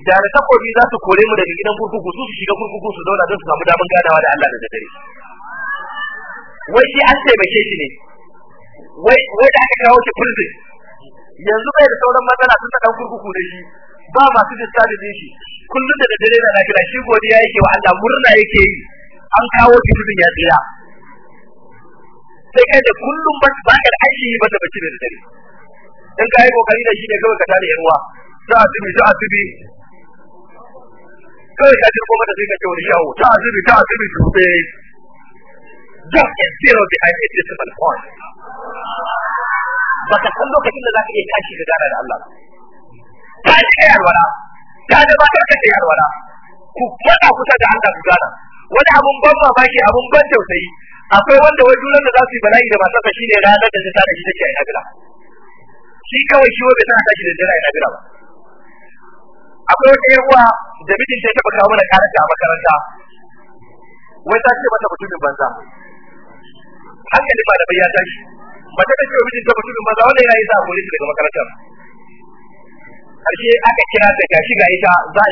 Speaker 2: da na takobi za su kore mu daga gidan kurkuku su su shiga kurkuku su zauna don su samu daman ganawa da Allah da dare wai shi an taimake shi ne wai wai da aka kawo shi kurkuku yanzu bai da sauran matsala sun ta kurkuku da shi ba masu lissafi din shi kullum da dare na kira shi godiya yake wa Allah murna yake yi an kawo shi tudun ya tsira sai kai da kullum ba ba ka aiki ba da bace da dare dan kai kokari da shi ne kawai ka tare yan za a tubi za a tubi kai ka ji kuma da sai ka ce wani yawo ta tubi ta tubi tubi just a zero behind a decimal point baka san lokacin da zaka iya tashi da gana da Allah ta ji kai alwala ta gabatar da kai alwala ku faɗa kusa da Allah ku gana wani abun ban mamaki abun ban tausayi akwai wanda wai juran da za su yi bala'i da masu fashi ne ranar da ta tada shi take a nagila shi kawai shi bai tana tashi da dare a nagila ba akwai wata yawa da mijin ta taɓa kawo mana karanta a makaranta wai ta ce mata mutumin banza hankali ba da bayyana shi mata ta ce mijin ta mutumin banza wanda yana yi za a kore shi daga makarantar karshe aka kira ta gashi ga ita za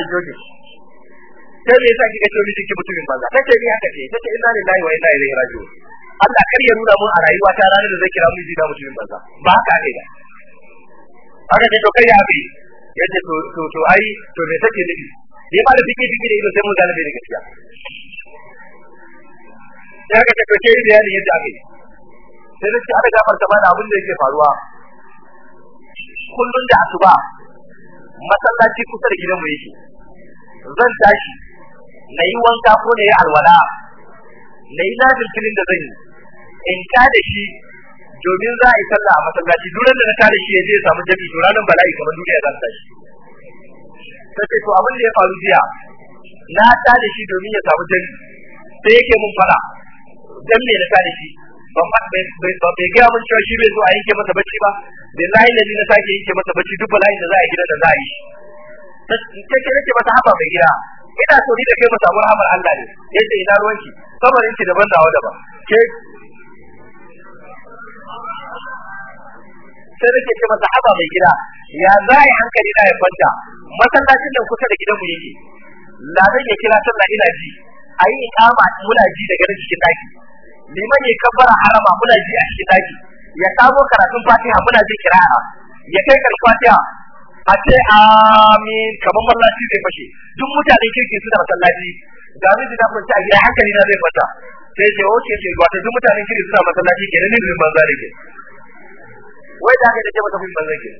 Speaker 2: a yi sai me yasa kika ce miki mutumin banza tace ni haka ce tace inna lillahi wa inna ilaihi raji'un Allah kar ya nuna mun a rayuwa ta ranar da zai kira mu da mutumin banza ba haka ne da. haka ce to kai ya bi yace to to to ai to me take nufi ni ba da fiki fiki da ido sai mun galibi da gaskiya ya ga take ce bayani yadda ake sai da aka gafarta da abin da yake faruwa kullun da asuba masallaci kusa da gidan mu yake zan tashi na yi wanka ko na yi alwala na yi lafil filin da zan yi in ka da shi domin za a yi sallah a masallaci duran da na da shi ya je ya samu jami to ranar bala'i kamar duniya ya zanta shi sai to abin da ya faru jiya na da shi domin ya samu jami sai yake mun fara jami'i me na da shi ba bai gaya mun cewa shi bai zo a yanke masa bacci ba billahi da na sake yanke masa bacci duk bala'in da za a gida da za a yi Ta kake nake masa haba mai gida ina so ni da kai mu abun rahmar Allah ne Yadda ina ruwanki kabarin ki daban da dawa daban ke sai nake ce masa haba mai gida ya za a yi hankali na ya kwanta masallacin da kusa da gidanmu yake ladan ya kira sallah ina ji a yi ikama muna ji daga cikin daki liman ya kabbara harama muna ji a cikin daki ya samo karatun fatiha muna ji kira'a ya kai kan fatiha a ce amin kamar mallaci zai fashe duk mutanen kirkin suna masallaci ga miji na ci a gida hankali na zai fata sai ce oke ce wato duk mutanen kirkin suna masallaci kenan ne bin banza da ke wai da kai da ke mata bin banza ke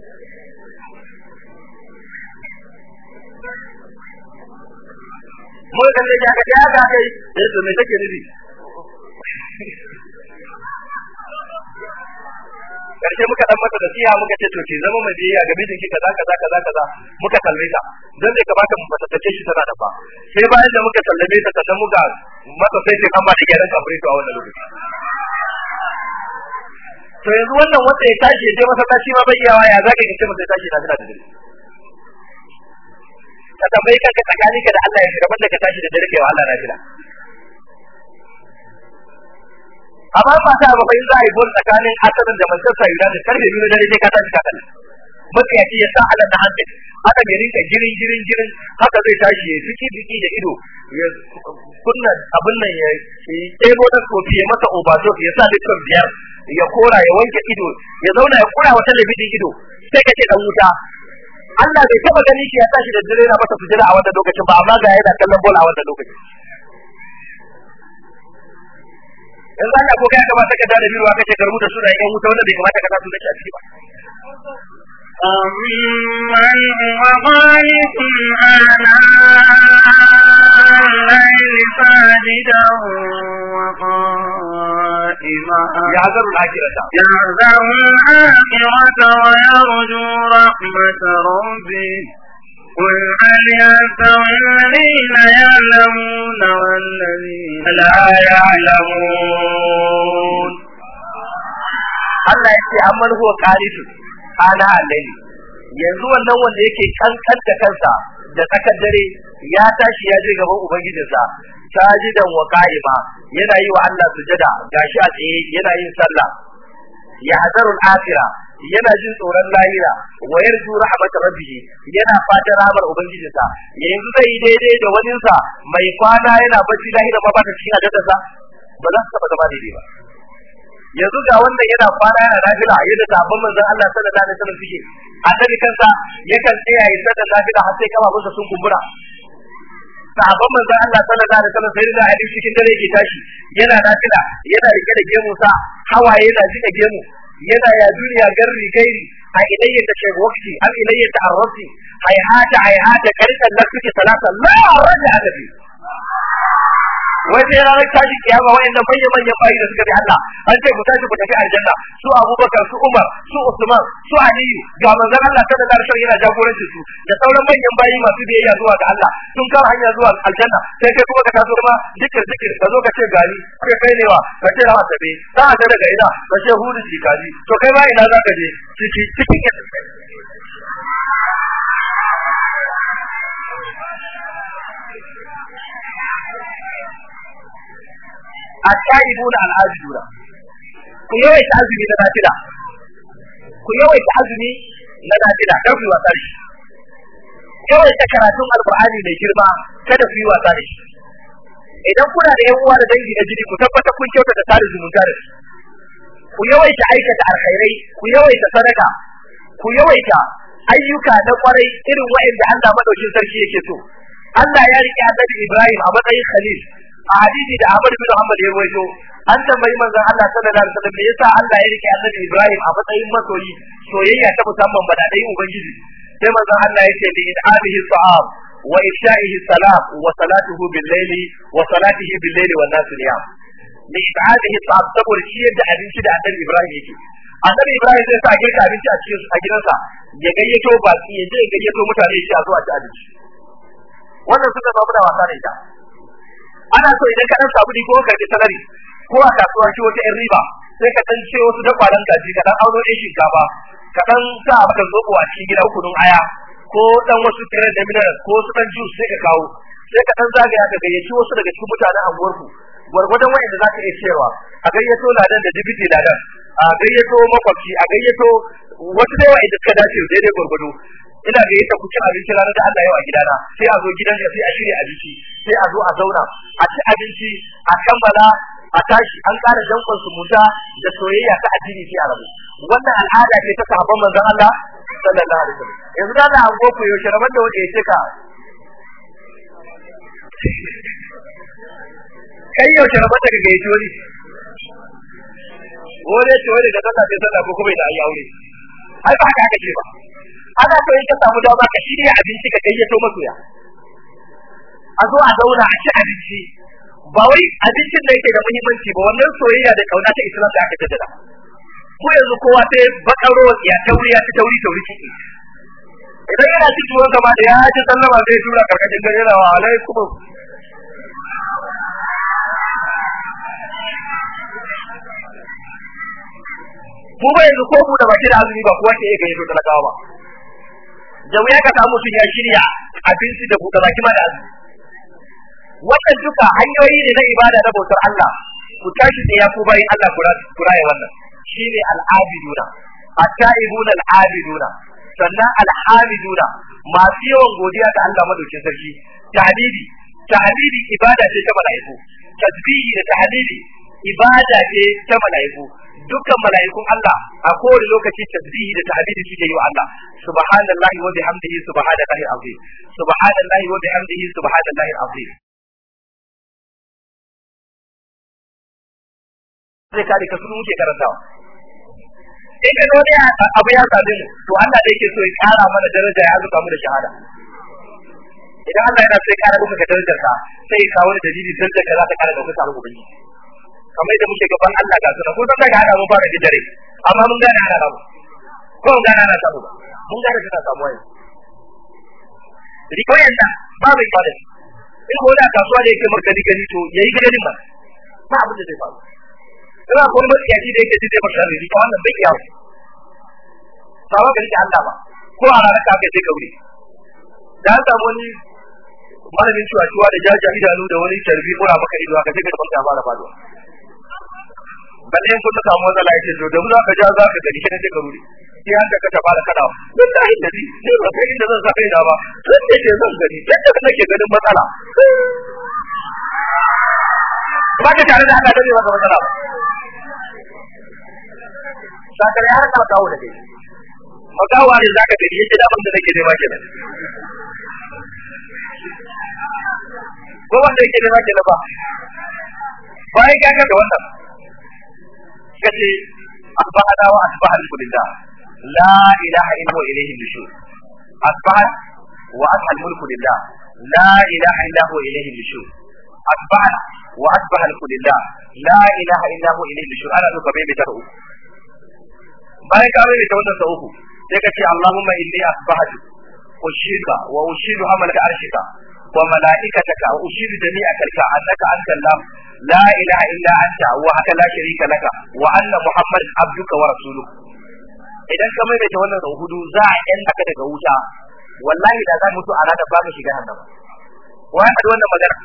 Speaker 2: mun kalle da ka ga kai eh to me take nufi
Speaker 1: karshe
Speaker 2: muka dan mata da siya muka ce to ke zama mai biyayya ga ka za kaza kaza kaza kaza muka kalle ta dan ka kamata mu fatatace shi tana da fa sai bayan da muka sallame ta sannan muka mata sai ce kan ba da gyaran kafiri to a wannan lokaci to yanzu wannan wanda ya tashi ya je tashi ma bai yawa ya zaka kace masa ya tashi da dare ka tambayi kanka tsakaninka da Allah ya shiga banda ka tashi da dare kai wa Allah na jira amma ba ta ba bai za a yi gol tsakanin Arsenal da Manchester United karfe biyu na dare sai ka tashi ka kalli matsiyaci ya sa alan da hankali haka ya rinka girin girin girin haka zai tashi ya fiki fiki da ido ya kunna abin nan ya ɗebo motar kofi ya masa overdope ya sa dukkan biyar ya kora ya wanke ido ya zauna ya kora wa talabijin ido sai ka ce dan wuta Allah bai taba gani shi ya tashi da dare na masa sujada a wannan lokacin ba amma ga yana kallon bola a wannan lokacin in Allah ko kai ka ba saka da biruwa kake karbu da suna yan wuta wanda bai kamata ka tasu da shi a ciki ba أمن هو خالق
Speaker 1: آناء
Speaker 2: الليل ساجدا وقائما يعذر الآخرة يعذر الآخرة ويرجو رحمة ربه قل هل يستوي الذين يعلمون لا يعلمون Allah ya ce amman huwa ana allahi yanzu wannan wanda yake kankan da kansa da tsakar dare ya tashi ya je gaban ubangijinsa sajidan wa qa'ima yana yi wa Allah sujada gashi a tsaye yana yin sallah ya hadarul akhirah yana jin tsoron lahira wa yarju rahmat rabbih yana fatan rahmar ubangijinsa yanzu zai daidai da waninsa mai kwana yana bacci lahira ba ba ta cikin ajadarsa ba za su taba zama daidai ba yanzu ga wanda yana kwana yana nafila yadda sabon manzon Allah sallallahu alaihi wasallam suke annabi kansa yakan tsaya ya sada lafiya har sai kama musu sun kumbura sahabban manzon Allah sallallahu alaihi wasallam sai da hadisi cikin dare ke tashi yana lafiya, yana rike da gemu sa hawaye yana jika gemu yana ya duniya garri kairi a ilayya ta ce wakti an ilayya ta arrafi hayata hayata kaitan na kuke salata la raja adabi wai sai ranar tashi kiyama wa'annan manyan manyan bayi da suka bi Allah an ce ku tashi ku tafi aljanna su Abubakar su Umar su Usman su Aliyu ga manzon Allah ta da darshen yana jagoranci su da sauran manyan bayi masu biyayya zuwa ga Allah sun kar hanya zuwa aljanna sai kai kuma ka taso kuma zikir zikir ka zo ka ce gani kai kai ne wa ka ce rawa tabe za a daga ina ka ce hudu shi kaji to kai ma ina za ka je ciki cikin at-taibuna al-abiduna ku yawaita ku yawaita azumi na nafila kar ku wasa da shi yawaita karatun alqur'ani mai girma kada ku yi wasa da shi idan kuna da yan uwa da dangi na jini ku tabbata kun kyauta da tare zumunta ku yawaita aikata alkhairai ku yawaita sadaka ku yawaita ayyuka na ƙwarai irin wa'anda Allah madaukin sarki yake so Allah ya rike Annabi Ibrahim a matsayin khalil a hadisi da Ahmad bin Hanbal ya rawaito an tambayi manzon Allah sallallahu alaihi wasallam me yasa Allah ya rike annabi Ibrahim a matsayin masoyi soyayya ta musamman ba da dai ubangiji sai manzon Allah ya ce bi idhamihi sa'ab wa ifsha'ihi salam wa salatuhu bil layli wa salatuhu bil layli wa nas niyam bi idhamihi sa'ab saboda shi yadda abinci da annabi Ibrahim yake annabi Ibrahim zai sa girka abinci a cikin a gidansa ya gayyato baki ya je ya gayyato mutane shi a zuwa a ci abinci wannan suka samu da wasa da ita ana so idan ka dan samu ko ka karbi salari ko a kasuwanci wata yan riba sai ka dan ce wasu dakwalan gaji ka dan auno ɗin shinkafa ka dan sa maka zobo a cikin gida kunun aya ko dan wasu tare da minar ko wasu dan juice sai ka kawo sai ka dan zagaya ka gayyaci wasu daga cikin mutanen ku gwargwadon wanda za ka iya cewa a gayyato ladan da dibiti ladan a gayyato makwabci a gayyato wasu da yawa idan ka dace daidai gwargwado ina da yadda kuke abinci ranar da Allah yau a gidana sai a zo gidan da sai a shirya abinci sai a zo a zauna a ci abinci a kammala a tashi an ƙara su muta da soyayya ta addini sai a rabu wannan al'ada ce ta sahabban manzon Allah sallallahu alaihi wasallam yanzu da Allah an goko yau sharaban da wanda ya ce ka kai yaushe sharaban da ga yaji wani wani ce wani da sallah sai sallah ko kuma da ayi aure ai ba haka ake ba ana so ka samu dama ka shirya abinci ka to masoya a zo a zauna a ci abinci ba wai abincin da yake da muhimmanci ba wannan soyayya da kauna ta islam da aka jaddada ko yanzu kowa sai bakaro ya tauri ya ci tauri tauri ciki idan yana ci tuwon gaba da ya ci sallama zai tura karkashin gare na wa alaikum mu ba yanzu ko ku da baki da azumi ba kowa ke iya gani to talakawa ba da wuya ka samu su ya shirya abinci da buɗe baki ma da azumi wannan duka hanyoyi ne na ibada da bautar Allah ku tashi da ya bayin Allah ku raye wannan shine al-abiduna at-ta'ibuna al-abiduna sannan alhamiduna masu yawan godiya ta Allah madaukin sarki tahlili ibada ce ta malaiku tasbihi da tahlili ibada ce ta malaiku dukkan mala'ikun Allah a kowane lokaci tasbihi da ta'bidi suke yi wa Allah subhanallahi wa bihamdihi subhanallahi azim subhanallahi wa bihamdihi subhanallahi azim
Speaker 1: sai kare ka sun muke karantawa
Speaker 2: in ka wani abu ya same mu to Allah da yake so ya kara mana daraja ya zuba mu da shahada idan Allah yana so ya kara maka darajar ka sai ka wani dalili darajar ka za ta kara da sa rubutu kamar da muke gaban Allah ga suna ko san daga hada mu fara ji dare amma mun gane ana samu ko mun gane ana samu ba mun gane kana samu wai rikoyan nan ba mai fara shi in ko da kasuwa da yake kadi kadi to yayi gidanin ba ba abin da zai faru ina ko mun ya ji da yake ji da markali to wannan bai ya ba wa gari Allah ba ko a ranar ka kai sai wuri da samu wani malamin cewa cewa da jaja idanu da wani tarbi ko a maka ido ka sai ka tabbata ba da faɗo. balle in kun samu matsala yace to da mu za ka ja za ka gani kenan sai ka rudi sai an da ka ta fara kada wallahi da ni ni ba kai inda zan sa kai da ba sai da ke zan gani sai da kake ganin matsala ba ka tare da haka da ba matsala ba sakar ya harka kawo da kai magawa ne zaka gani yace da abin da nake nema kenan ko wanda yake nema kenan ba bayan ka ga da wannan kace asbahana wa asbahan alhamdulillah la ilaha illa huwa ilayhi nushur asbaha wa asbaha alhamdulillah la ilaha illa huwa ilayhi nushur asbaha wa asbahan alhamdulillah la ilaha illa huwa ilayhi nushur ana so ka bai ta uku bayan ka bai ta wannan ta uku sai ka ce allahumma inni asbahatu ushika wa ushidu amalaka arshika وملائكتك وأشهد جميعك أنك أنت الله لا إله إلا أنت وحك لا شريك لك وأن محمد عبدك ورسولك idan ka mai da wannan hudu za a yanda ka daga wuta wallahi da za mutu ala da ba mu shiga hannu wai a wannan magana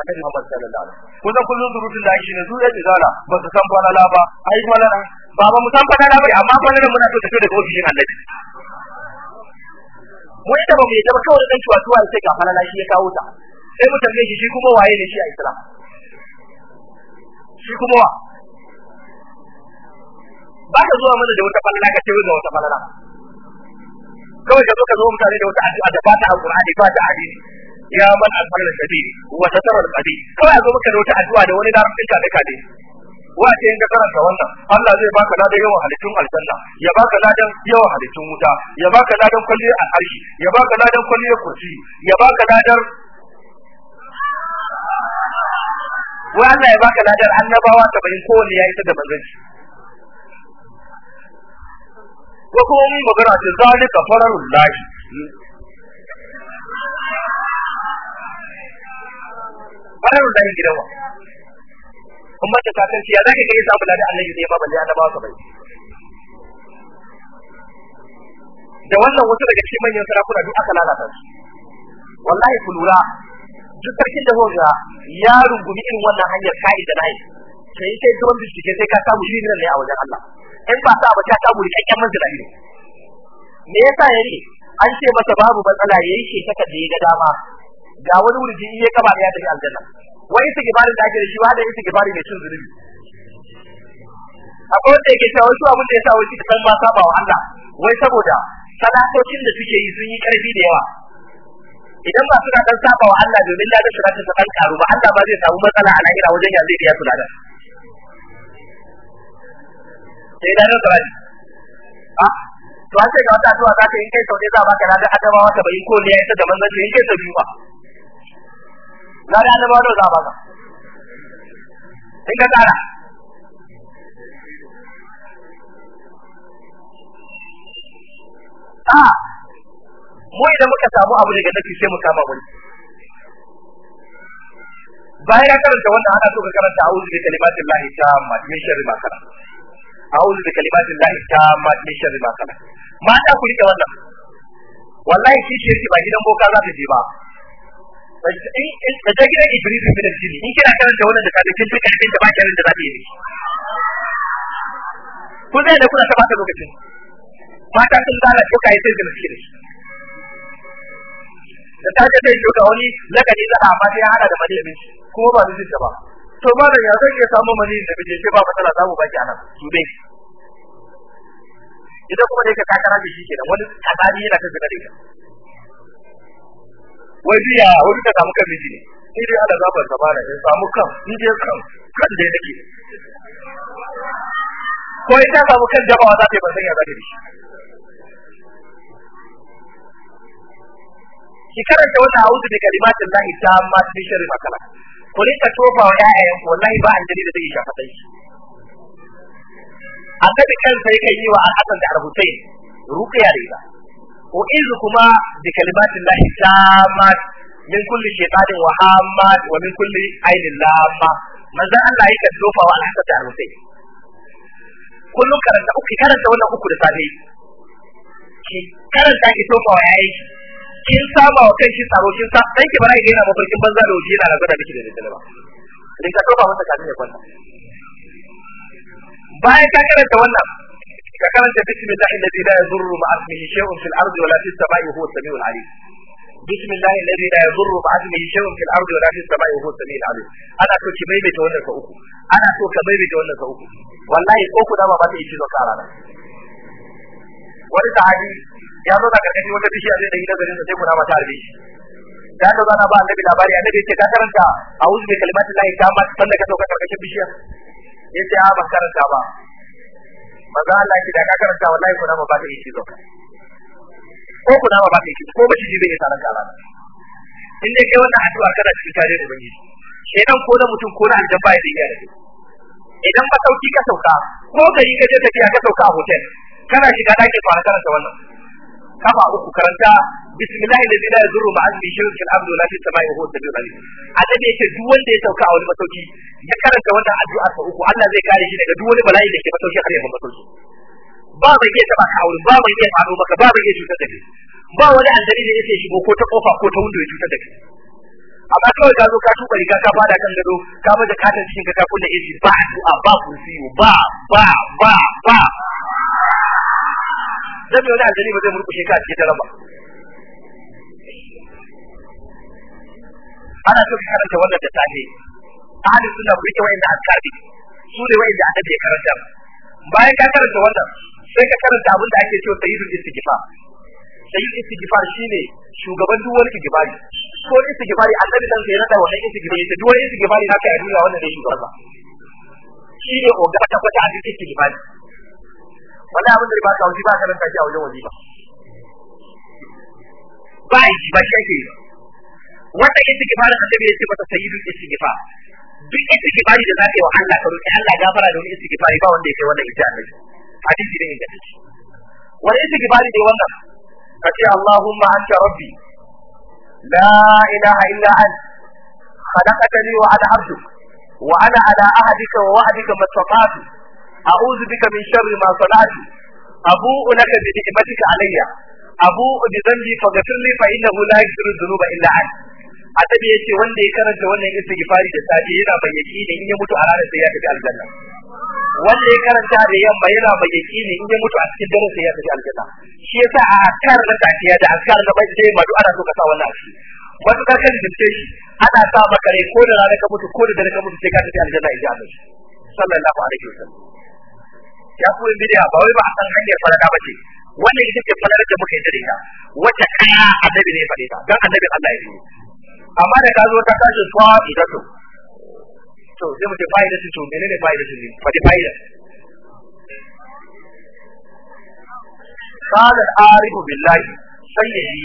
Speaker 2: annabi Muhammad sallallahu alaihi wasallam kullum kullum surutun da shi ne zuwa da zala ba su san falala ba ai falala ba ba mu san falala ba amma falala muna so ta ce daga ofishin annabi Mun da ba mu yadda ba kawai dan ciwa tuwa sai ga falala shi ya kawo ta sai mu tambaye shi shi kuma waye ne shi a islam shi kuma wa ba ka zuwa mana da wata falala ka ce ga wata falala kawai ka zo ka zo mutane da wata addu'a da fata alqur'ani ba ta hadisi ya man alfar da sabi wa tatar alqadi kawai a zo maka da wata addu'a da wani darasi ka da kade wace in ka karanta wannan Allah zai baka ladan yawan halittun aljanna ya baka ladan yawan halittun wuta ya baka ladan kwalliyar al'arshi ya baka ladan kwalliyar kursi ya baka ladan wai Allah ya baka ladan annabawa saba'in kowanne ya isa da manzanci ko kuma mun magana ce zalika fararul lahi fararul lahi gidan wa in ba ta sakanci ya zaka kai samu ladan annabi ne ba balle annabawa ba bai da wannan wasu daga cikin manyan sarakuna duk aka lalata su wallahi ku lura duk sarkin da hoga ya rungumi irin wannan hanyar kai da nayi sai sai don bincike sai ka samu shi ne a wajen Allah in ba sa ba ka samu rikakken manzila ne me yasa yayi an ce masa babu matsala yayi shi saka da ya ga dama ga wani wurji ya kaba ya tafi aljanna wai istighfarin da ake da shi ba da istighfari mai cin zulubi akwai wanda yake cewa wasu abin da ya sa wasu da san ba saba wa Allah wai saboda salatocin da suke yi sun yi karfi da yawa idan ba suna dan saba wa Allah domin ladan su ta kan karu ba Allah ba zai samu matsala a lahira wajen ya zai biya su ladan sai da nan tsari a to an ce ga wata tuwa za ta yi kai sau ne za a baka ladan adamawa ta bayin ko ne ya ta da manzanci in kai sau biyu ba na da annabawa da za ba ka sai ka tsara. a mu idan muka samu abu daga nake sai mu kama wani bayan ya karanta wannan ana so ka karanta a'udhu da kalimatin lahi tammat min sharri ma khalaq a'udhu da kalimatin lahi tammat min sharri ma khalaq mata ku rike wannan wallahi kishi yake ba gidan boka za ta je ba ka je gidan ibrahim bin al-jini in kina karanta wannan da kafin kin karfin da ba karanta da zaki yi ko zai da kuna ta bata lokacin mata sun tsara ko kai sai da shi da ta ga dai da wani lakabi za a mata ya hada da madina kuma ba da ta ba to ba da ya zai ya samu madina da mijin ce ba matsala samu baki anan su bai. idan kuma dai ka kakara da shi kenan wani tsabani yana ta zina da wai biya wani ka samu kan miji ni dai Allah zaban ta bana in samu kan miji dai kan kan dai nake ko ita samu kan jama'a za ta yi ban sanya za da shi. ki karanta wannan a'udhu bi kalimatin lahi tamma fi sharri ma khalaq ko ne ka tofa wa ƴaƴan wallahi ba aljani da zai shafa sai kan kansa yake yi wa al da al-Husayn ruqya da وإذكما kuma الله تامات من كل شيطان وهامات ومن كل عين لامة manzon Allah yakan dofa wa alhassata a rusai kullum karanta uku karanta wannan uku da safe ki karanta ki tofa wa kin saba wa kanki tsaro kin sa dan ki barai yana mafarkin banza da waje yana razana miki da daddare ba rinka tofa masa kafin ya kwanta bayan ka karanta wannan ka karanta bismillahi alladhi la yadurru ma'a ismihi shay'un fil ardi wa la fis samai wa huwa samiul alim bismillahi alladhi la yadurru ma'a ismihi shay'un fil ardi wa la fis samai wa huwa samiul alim ana so ki maimaita wannan ka uku ana so ka maimaita wannan ka uku wallahi ko ku da ba ta yi zo kara wani sahabi ya zo da karkashin wata bishiya zai da gidan garin sa sai kuna mata harbe shi da zana ba annabi labari annabi ce ka karanta a'udhu bi kalimatillahi tamma sannan ka sauka karkashin bishiya yace a ba karanta ba manzo Allah ki da ka karanta wallahi kuna ma ba ta yi cizo ko kuna ma ba ta yi cizo ko ba shi zai tsaran ka Allah in dai kai wannan addu'a kana cikin tare da ubangiji shedan ko na mutum ko na aljan ba ya da iyali idan ba sauki ka sauka ko gari ka je tafiya ka sauka a hotel kana shiga ɗakin kwana karanta wannan kafa uku karanta bismillahi alladhi la yadurru ma'a ismihi shirki al-abdu la fi samai huwa as alim annabi yake duk wanda ya sauka a wani masauki ya karanta wannan addu'a ta uku Allah zai kare shi daga duk wani bala'i da ke masauki har ya masauki ba mai iya taba ka aure ba mai iya faɗo maka ba mai iya cutar da kai ba wani annabi da yake shigo ko ta kofa ko ta windo ya cutar da kai amma kawai ka zo ka tuba riga ka fada kan gado ka baje katin cikin ka kunna AC ba addu'a ba kursiyu ba ba ba ba dan wani aljani ba zai murkushe ka a cikin daren ba ana so ka karanta wannan da safe ahalin suna ku rike da an karbi su ne wa'inda aka ke karanta bayan ka karanta wannan sai ka karanta abin da ake cewa sayyidul istighfar sayyidul istighfar shine shugaban duk wani istighfari ko istighfari annabi dan sai rada wannan istighfari ta duk wani istighfari kai ya duniya wannan dai shugaban ba ne oga ta kwata a cikin istighfari wani abin da ba ka wuce ba ka nan shi a wajen waje ba ba yi ba shi ake yi wata ita ke fara annabi ya ce mata sayyidul istighfar duk istighfari da zaka yi wa Allah ka roki Allah fara da wani istighfari ba wanda ya kai wannan ita annabi hadisi ne ga shi wani istighfari ne wannan ka ce Allahumma anta rabbi la ilaha illa anta خلقتني وأنا عبدك وأنا على عهدك ووعدك ما استطعت a'udhu bika min sharri ma sana'tu abu'u laka bi ni'matika alayya abu'u bi dhanbi faghfir li fa innahu la yaghfiru dhunuba illa anta annabi yace wanda ya karanta wannan istighfari da safe yana bayyaki ne in ya mutu a ranar sai ya tafi aljanna wanda ya karanta da yamma yana bayyaki ne in ya mutu a cikin dare sai ya tafi aljanna shi yasa a askar na tafiya da askar na bai sai madu ana so ka sa wannan shi Wasu kakan da ce shi ana sa maka rai ko da rana ka mutu ko da dare ka mutu sai ka tafi aljanna in ji annabi sallallahu alaihi wasallam ya koyi bid'a ba wai ba a san hanyar farada ba ce wannan ita ce falalar da muka yi da ita wacce kaya annabi ne ya faɗe ta dan annabi Allah ya yi amma da ka zo ka tashi suwa ita to to sai mutum fa'ida su to ne fa'ida su ne faɗi fa'ida قال العارف بالله سيدي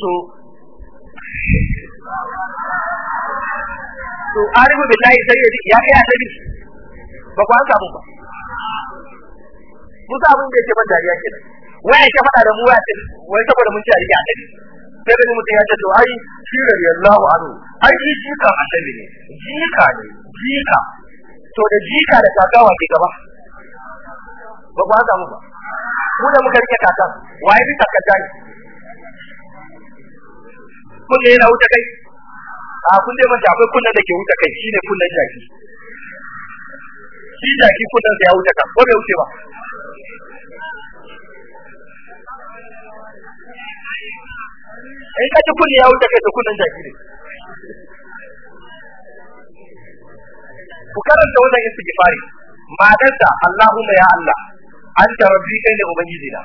Speaker 2: to to arifu billahi sayyidi ya kai annabi ba ku an ba sa abin da yake ban dariya kenan wai yake fada da mu ya ce wai saboda mun ci a rike annabi sai da mutum ya ce to ai shi radiyallahu anhu ai shi jika annabi ne jika ne jika to da jika da kakawa ke gaba ba ku haka mu ba mu da muka rike kaka waye bi kakata ne kun ne yana wuce kai a kun dai mace akwai kunnen da ke wuce kai shine kunnen jaki shi jaki kunnen da ya wuce ka ko bai wuce ba
Speaker 1: in ka ji kulli ya
Speaker 2: wuce kai da kullun jaki ne ku karanta wannan istighfari madarsa Allahumma ya Allah anta rabbi kai ne ubangiji na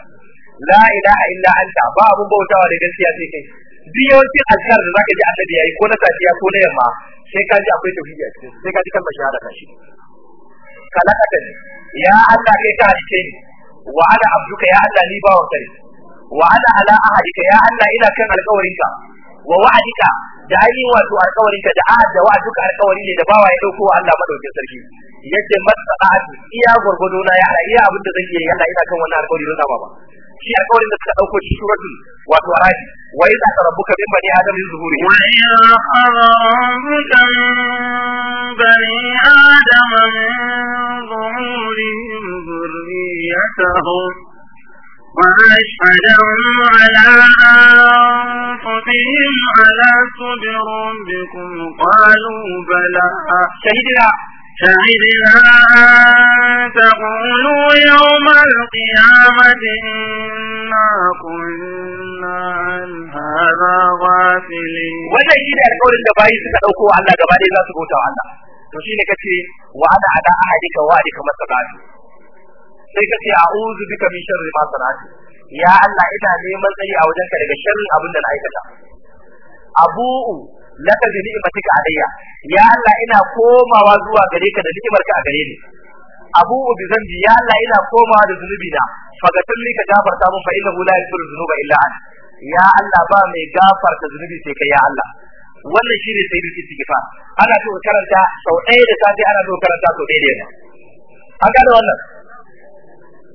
Speaker 2: la ilaha illa anta ba abun bautawa da gaskiya sai kai duk yawancin azkar da zaka ji annabi yayi ko na safiya ko na yamma sai ka ji akwai tauhidi a cikin sai ka ji kalmar shahada ta shi Kala ne ya Allah kai ka halice ni wa ana abduka ya Allah ni wa kai وعد على أهدك يا الله إذا كان الكورنك ووعدك دعي واتو الكورنك دعاد دواتك الكورنك دباوة يدوكو الله مدوك يسرشي يجد مستقعد إيا غربدونا يا الله إيا عبد الزيجي يا الله إذا كان وانا الكورنك بابا شيء الكورنك تتوكو شكرة واتو عادي وإذا ربك بني آدم من ظهوره وإذا
Speaker 1: ربك بني آدم من ظهورهم ذريتهم وأشهدهم على أنفسهم
Speaker 2: ألستم بربكم قالوا بلى شهدنا
Speaker 1: شهدنا أن تقولوا يوم القيامة
Speaker 2: إنا كنا عن هذا غافلين wannan shine alƙawarin da bayi suka ɗauko Allah gaba ɗaya za su bauta wa Allah to shine kace wa ana ala ahadika wa adika masabatu sai ka ce uzu duka min sharri ma sana'tu ya Allah ina neman tsayi a wajen ka daga shan abin da na aikata abu'u laka bi ni'matika alayya ya Allah ina komawa zuwa gare ka da ni'imarka a gare ni abu'u bi zambi ya Allah ina komawa da zunubi na fagatulli ka gafarta mun fa innahu la yaghfiru dhunuba illa anta ya Allah ba mai gafarta zunubi sai kai ya Allah wannan shine sayyidul fa, ana so karanta sau ɗaya da safe ana so karanta sau ɗaya da yamma an gane wannan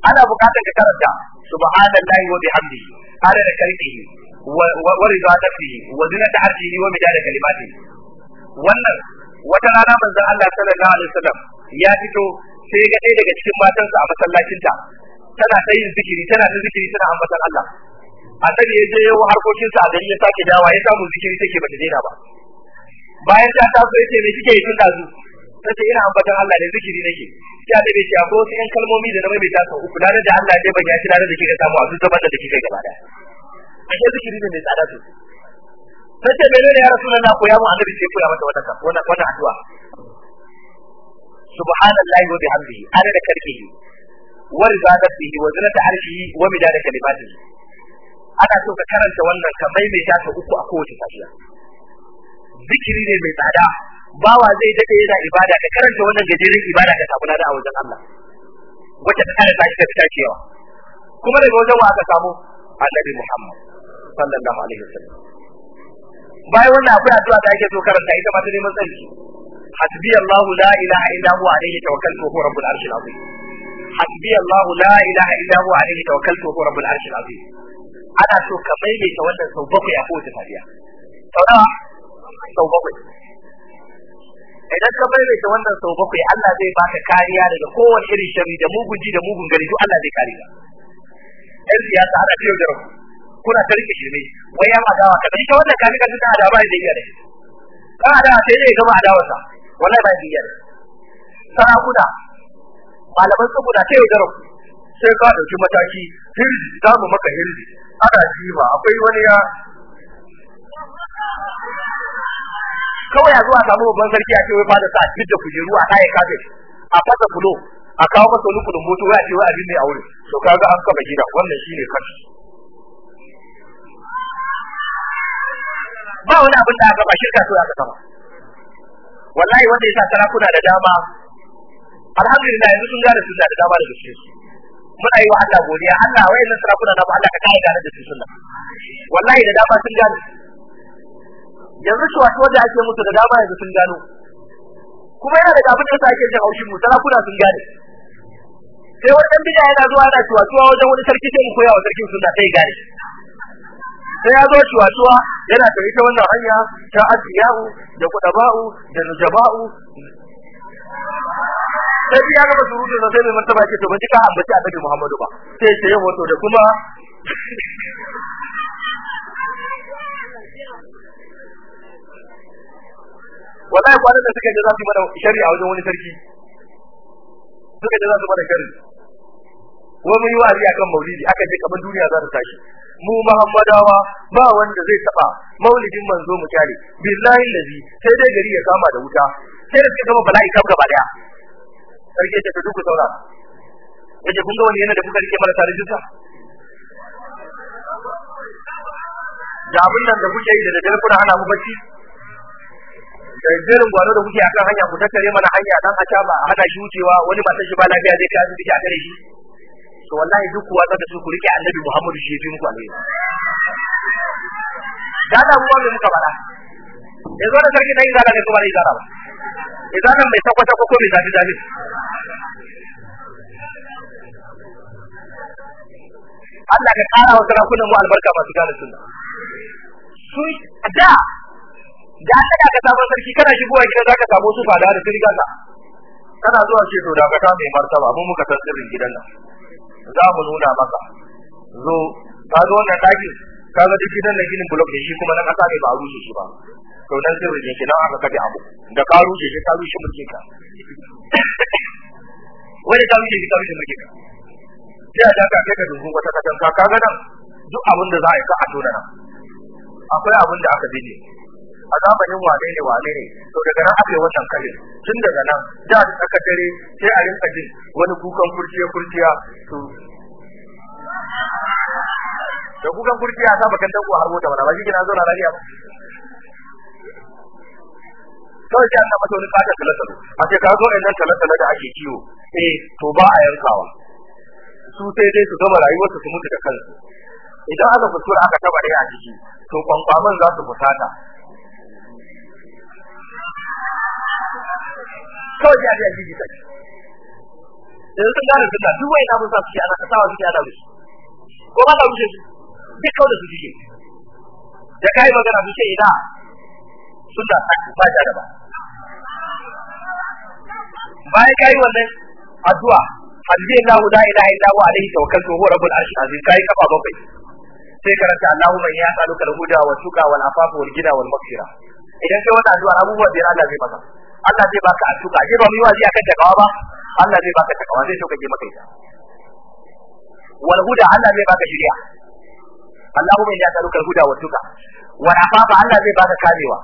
Speaker 2: ana bukatar ka karanta subhanallahi wa bihamdihi ala da kalbihi wa rida nafsihi wa zinata arshihi wa midada kalimati wannan wata rana manzon Allah sallallahu alaihi wasallam ya fito sai ga ɗaya daga cikin matansa a masallacinta tana ta yin zikiri tana ta zikiri tana ambatan Allah annabi ya je yawo harkokinsa a gari ya sake dawa ya samu zikiri take bata daina ba bayan ta taso yace me kike yi tun dazu nace ina ambatan Allah ne zikiri nake Ya da bai ce wasu yan kalmomi da na mai bai tasu uku dare da Allah dai ban ya dare da kike samu a duk zaman da kike gaba da ake zikiri ne mai tsada sosai ce menene ya rasulullah ko ya mu annabi sai koya mata wannan wannan wannan addu'a subhanallahi wa bihamdihi ana da karkihi wa rizaqatihi wa zinata arshihi wa midada kalimatihi ana so ka karanta wannan ka mai tasa uku a kowace safiya zikiri ne mai tsada bawa zai dade yana ibada ka karanta wannan gajeren ibada ka samu lada a wajen Allah wacce ta kare tashi ka fita cewa kuma daga wajen wa aka samu annabi Muhammad sallallahu alaihi wasallam bayan wannan akwai addu'a da ake so karanta ita ma ta neman tsarki hasbi Allah la ilaha illa huwa alaihi tawakkaltu huwa rabbul arshil azim hasbi Allah la ilaha illa huwa alaihi tawakkaltu huwa rabbul arshil azim ana so ka maimaita wannan sau bakwai a kowace safiya sau nawa sau bakwai idan ka bai da wannan sau bakwai Allah zai baka kariya daga kowane irin shari da mugun ji da mugun gari duk Allah zai kare ka yan siyasa ana fiye da rabu kuna ta rike shirme wai ya ma dawa kaɗai ita wannan kani kan ta da ba da iya da ka da sai ne gaba a sa wallahi ba da iya da sarakuna malaman saboda ta da ku sai ka ɗauki mataki hirzi za mu maka hirzi ana jima akwai wani ya kawai a zuwa samu babban sarki a ce wai fada sa duk da kujeru a kayan kafe a fasa fulo a kawo masa wani kudin moto wai a ce wai abin ne a wurin to kaga an kafa gida wannan shine kashi ba wani abin da aka ba shirka to aka sama wallahi wanda ya sa sarakuna da dama alhamdulillah yanzu sun gane sunna da dama da gaske muna yi wa Allah godiya Allah wayannan sarakuna na ba Allah ka kai gane da sunna wallahi da dama sun gane yanzu shi wato da ake musu da dama yanzu sun gano kuma yana da abin da yasa ake jin haushin mu sarakuna sun gane sai wani dan bid'a yana zuwa yana ciwatuwa wajen wani sarki sai mu koya wa sarkin sunna sai gane sai ya zo ciwatuwa yana tafi ta wannan hanya ta asiyau da kudaba'u da nujaba'u sai ya ga basu rubuta sai mai martaba ce to ban ji ka ambaci Muhammadu ba sai sai hoto da kuma wallahi kwanan da suka je za su mana shari'a wajen wani sarki suka je za su mana shari'a ko mun yi wa'azi akan maulidi aka ce kamar duniya za ta tashi mu muhammadawa ba wanda zai taba maulidin manzo mu tare billahi lazi sai dai gari ya kama da wuta sai da kama bala'i kam gaba daya sarki ya ta duku saura yace kun ga wani yana da kuka rike mana tare jinsa da abin nan da kuke yi da daddare kuna hana mu bacci jerin gwano da kuke akan hanya ku tattare mana hanya dan a ba a hada shi wucewa wani ba shi ba lafiya zai kai asibiti a kare shi to wallahi duk kuwa da su ku rike annabi Muhammadu shi ya fi muku alheri da da mu wanda muka e zo da sarki dai da ne kuma da izala ba nan mai takwata ko mai zafi zafi Allah ka kara wa sarakunan mu albarka masu gane sunna sun da da aka daga sabon sarki kana shigowa gida zaka samu su fada da sirga ka kana zuwa ce to ka ta mai martaba mu muka san sirrin gidan nan za mu nuna maka zo ka zo wannan daki ka ga duk gidan da ginin blok ne shi kuma na kasa ne ba a rushe shi ba to dan sirrin yake nan aka kaje abu da ka rushe shi ka rushe mulkin ka wani ka rushe shi ka rushe mulkin ka sai a daka kai ka dubu wata katanka ka ga nan duk abin da za a yi ka a tona nan akwai abin da aka bine a zamanin wane ne wane ne to daga nan aka yi watan kalin tun daga nan da aka dare sai a rinka jin wani kukan kurciya kurciya to da kukan kurciya ta bakan danko har mota wala ba shi kina zauna lafiya ba kawai sai ta mata wani fata talatalo a ce ka zo ɗan talatalo da ake kiwo eh to ba a yankawa su sai dai su gama rayuwarsu su mutu da kansu idan aka kuskura aka taba rai a jiki to kwankwamin za su fusata kawai sai a ji a gigita shi yanzu sun gane sunna duk wani abun sa su ana ta sawa suke ana rushe ko ba ta rushe su duk kawai da su suke da kai magana su ce ina sunna ta ba ta da ba bayan kai wannan addu'a Allahu la ilaha illa huwa alayhi tawakkaltu huwa rabbul arshil azim kai kafa bakwai sai karanta Allahumma ya saluka al-huda wa tuqa wal afafa wal gina wal maghfira idan kai wannan addu'a abubuwa biyar Allah zai maka Allah zai baka a tuka ba mu yi a akan takawa ba Allah zai baka takawa zai sauka maka ita wal huda Allah zai baka shiriya Allahumma inna ya al huda wa tuka wal afafa Allah zai baka kamewa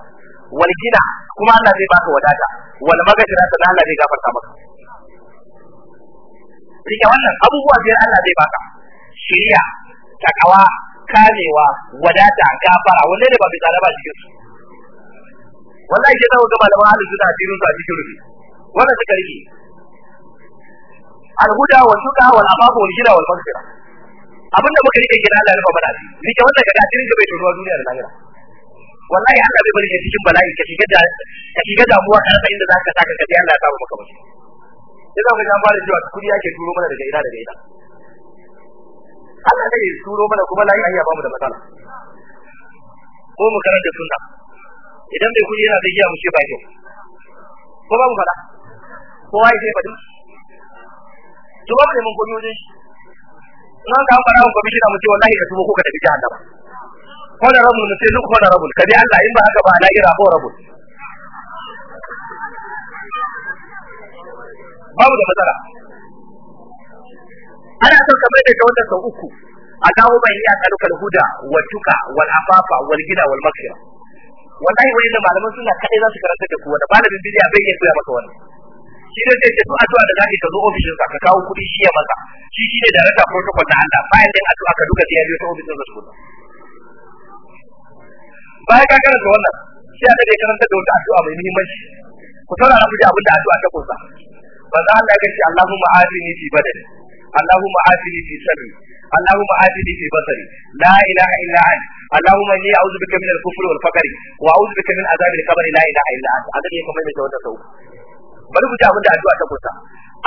Speaker 2: wal gina kuma Allah zai baka wadata wal magashira sannan Allah zai gafarta maka rike wannan abubuwa biyar Allah zai baka shiriya takawa kamewa wadata gafara wanda ne ba bi tsara ba cikin su wallahi ke dawo ga malaman ahlus sunna asirin su a cikin rufi wanda suka rike al-huda wa tuqa wal afafu wal jira wal maghfira abinda muka rike gidan Allah rufa bada ni ke wannan gada asirin da bai turuwa duniya da lahira wallahi Allah bai bari ka cikin bala'i ka shiga da ka shiga damuwa ka rasa inda zaka saka ka Allah ya samu maka mutum sai za mu ga fara cewa kudi yake turo mana daga ina daga ina Allah ne ya turo mana kuma lafiya ba bamu da matsala ko mu karanta sunna idan bai kuɗi yana da giya mu ce ba kyau ko ba mu faɗa kowa ya faɗi to ba kai mun koyi wajen shi an ka fara mun shi da mu ce wallahi ka tubo ko ka tafi jahannama ko da rabu ne sai duk ko da rabu ka bi Allah in ba haka ba ala ira ko rabu babu da matsala ana son ka da wanda sau uku a dawo bai a kalkal huda wa tuka wal afafa wal gida wal makira wallahi wani da malaman suna kadai za su karanta da ku wanda malamin bidiya bai iya koya maka wani shi ne zai ce to addu'a da zaki ka zo ofishin sa ka kawo kuɗi shi ya maka shi shi ne da protocol na Allah bayan da addu'a ka duka biya biyo ta ofishin sa su bayan ka karanta wannan shi aka dai karanta da wata addu'a mai muhimmanci ku saurara ku ji abin da addu'a ta kusa manzo Allah ya ce Allahumma afini fi badani اللهم آتني في سمعي اللهم آتني في بصري لا إله إلا أنت اللهم إني أعوذ بك من الكفر والفقر وأعوذ بك من عذاب القبر لا إله إلا أنت هذا يكون من جوانب سوء bari ku من abin تقول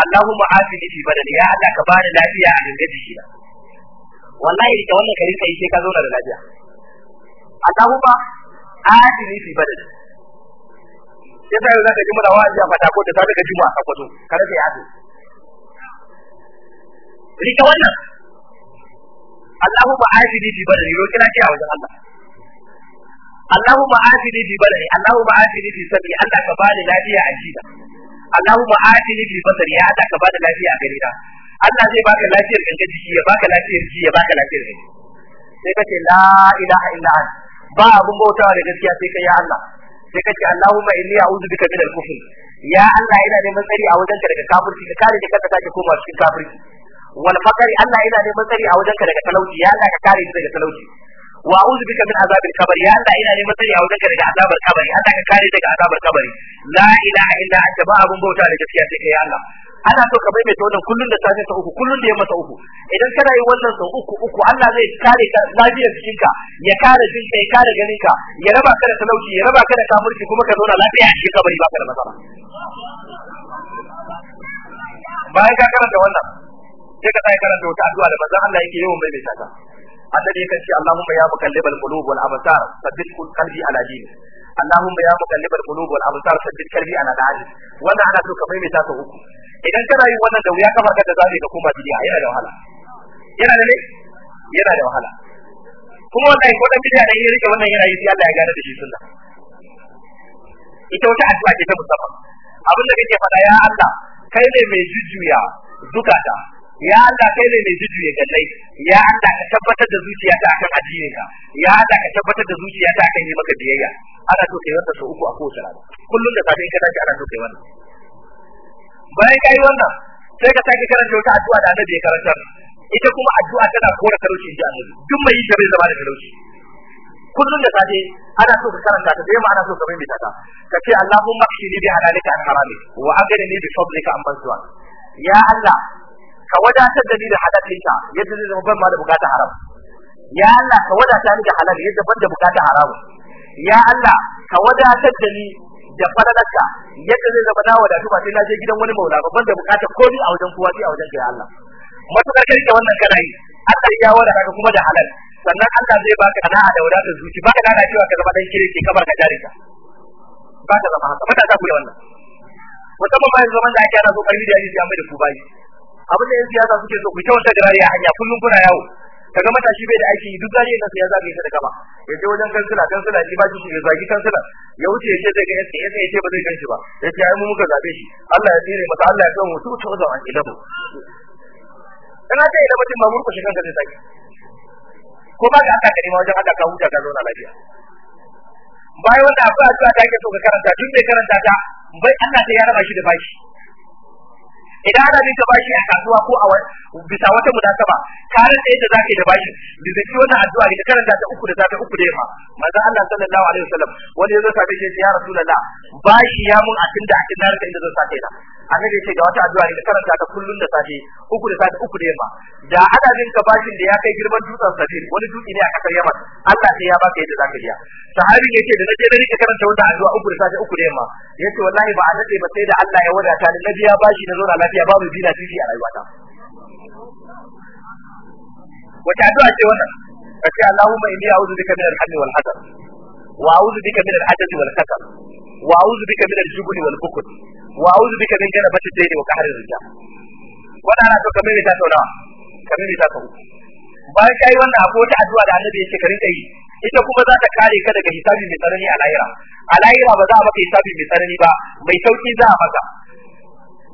Speaker 2: اللهم ta kusa بدني يا الله كبار ya Allah ka bani lafiya a dinga jiki na wallahi da wannan karin kai sai ka zauna da lafiya Allahumma afini fi badani da wa'azi a fata ko da sabi a kada sai ya rike wannan Allahumma ma'afini bi badani yo kina ki a wajen Allah Allahumma ma'afini bi badani Allahumma ma'afini bi sabri Allah ka bani lafiya a jina Allahumma ma'afini bi basari ya Allah ka bani lafiya a gari na Allah zai baka lafiyar gangan jiki ya baka lafiyar jiki ya baka lafiyar gari sai kace la ilaha illa anta ba abun bautawa da gaskiya sai kai ya Allah sai kace Allahumma inni a'udhu bika min al-kufr ya Allah ina neman tsari a wajenka daga kafirci ka kare ka kada ka koma cikin kafirci wal fakari Allah ina neman tsari a wajenka daga talauci ya Allah ka kare ni daga talauci wa a'udhu bika min azabil qabr ya Allah ina neman tsari a wajenka daga azabar kabari Allah ka kare daga azabar kabari la ilaha illa anta ba abun bauta da gaskiya sai kai Allah ana so ka maimaita wannan kullun da safe sa uku kullun da yamma sa uku idan kana yi wannan sa uku uku Allah zai kare ka lafiyar ka ya kare jinka ya kare ganinka ya raba ka da talauci ya raba ka da kamurci kuma ka zauna lafiya a cikin kabari ba ka da matsala bayan ka karanta wannan sai ka tsaya karanta wata addu'a da manzon Allah yake yawan mai ta annabi yakan ce Allahumma ya muqallibal qulub wal absar thabbit qalbi ala dinik Allahumma ya muqallibal qulub wal absar thabbit qalbi ala dinik wannan ana so ka mai ta uku idan kana yin wannan da wuya kafa ka da zabe ka koma bidiya yana da wahala yana da ne yana da wahala kuma wallahi ko dan bidiya da yin rike wannan yana yi sai Allah ya gane da shi sunna ita wata addu'a ce ta musamman abin da kake faɗa ya Allah kai ne mai jujjuya zukata ya Allah kai ne mai jujjuye kai ya Allah ka tabbatar da zuciya ta akan ka ya Allah ka tabbatar da zuciya ta akan yi maka biyayya ana so kai wannan sau uku a kowace rana kullum da safe in ka ana so kai wannan bayan kai wannan sai ka sake karanta wata addu'a da Annabi ya karantar ita kuma addu'a tana kora talauci inji Annabi duk mai yi ta bai zama da talauci kullum da safe ana so ka karanta ta da ma ana so ka mai ta ka ce Allahumma kshini bi halalika an harami wa aghnini bi fadlika an bansuwa ya Allah ka wadatar da ni da halalinka yadda zai zama ban ma da bukata haram ya Allah ka wada ni da halal yadda ban da bukata haram ya Allah ka wadatar da ni da falalarka yadda zai zama na wadatu ba sai na je gidan wani maula ba ban da bukata ko ni a wajen kowa sai a wajen kai Allah matukar kai da wannan kana yi Allah ya wadata ka kuma da halal sannan Allah zai baka sana'a da wadatar zuci baka kana cewa ka zama dan kirki kamar ka jare ka baka zama haka mata ta ku wannan musamman bayan zaman da ake ana so karbi da yaji ya mai da ku abin da yan siyasa suke so ku ta wata garariya hanya kullum kuna yawo kaga matashi bai da aiki duk zariya na ya zagaye ta da gaba ya je wajen kansila kansila shi ba shi shi ya zagi kansila ya wuce ya ce zai ga yasa yasa ya ce ba zai ganshi ba ya ce ai mu muka zabe shi Allah ya tsire masa Allah ya kawo mutu ta wajen an ilabu ina ce ina mutum ba murku shi kanka zai zagi ko ba ka aka kadi ma wajen haka ka huta ka zauna lafiya bayan wanda akwai addu'a ta ake so ka karanta duk bai karanta ta bai Allah sai ya raba shi da bashi idan ana bi ka bashi a kasuwa ko a bisa wata munasaba ka ran da za ka yi da bashi bizuki wata addu'a karin karanta ta uku da safe uku da yamma manzo Allah sallallahu alaihi wasallam wani zo sa shi ya rasulullah bashi ya mun atin da atin da inda zan sake da. annabi ya ce ga wata addu'a ne karanta ta kullun da safe uku da safe uku da yamma da ana ka bashin da ya kai girman dutsen sabil wani dutse ne a kasar yamma Allah sai ya baka yadda za ka biya sahabi ne ce da naje da rike karanta wata addu'a uku da safe uku da yamma yace wallahi ba a ba sai da Allah ya wadata da nabi ya bashi na zo na lafiya babu zina fifi a rayuwata wata addu'a ce wannan kace Allahumma inni a'udhu bika min al-hammi wal hasad wa a'udhu bika min al-hadathi wal kasal wa a'udhu bika min al-jubn wal bukhl wa a'udhu bika min jalabati dayni wa qahri rijal wannan ana so kamar ta tauna kamar ta tauna bayan kai wannan akwai wata addu'a da Annabi yake karin kai ita kuma za ta kare ka daga hisabi mai tsanani a lahira a lahira ba za a maka hisabi mai tsanani ba mai sauki za a maka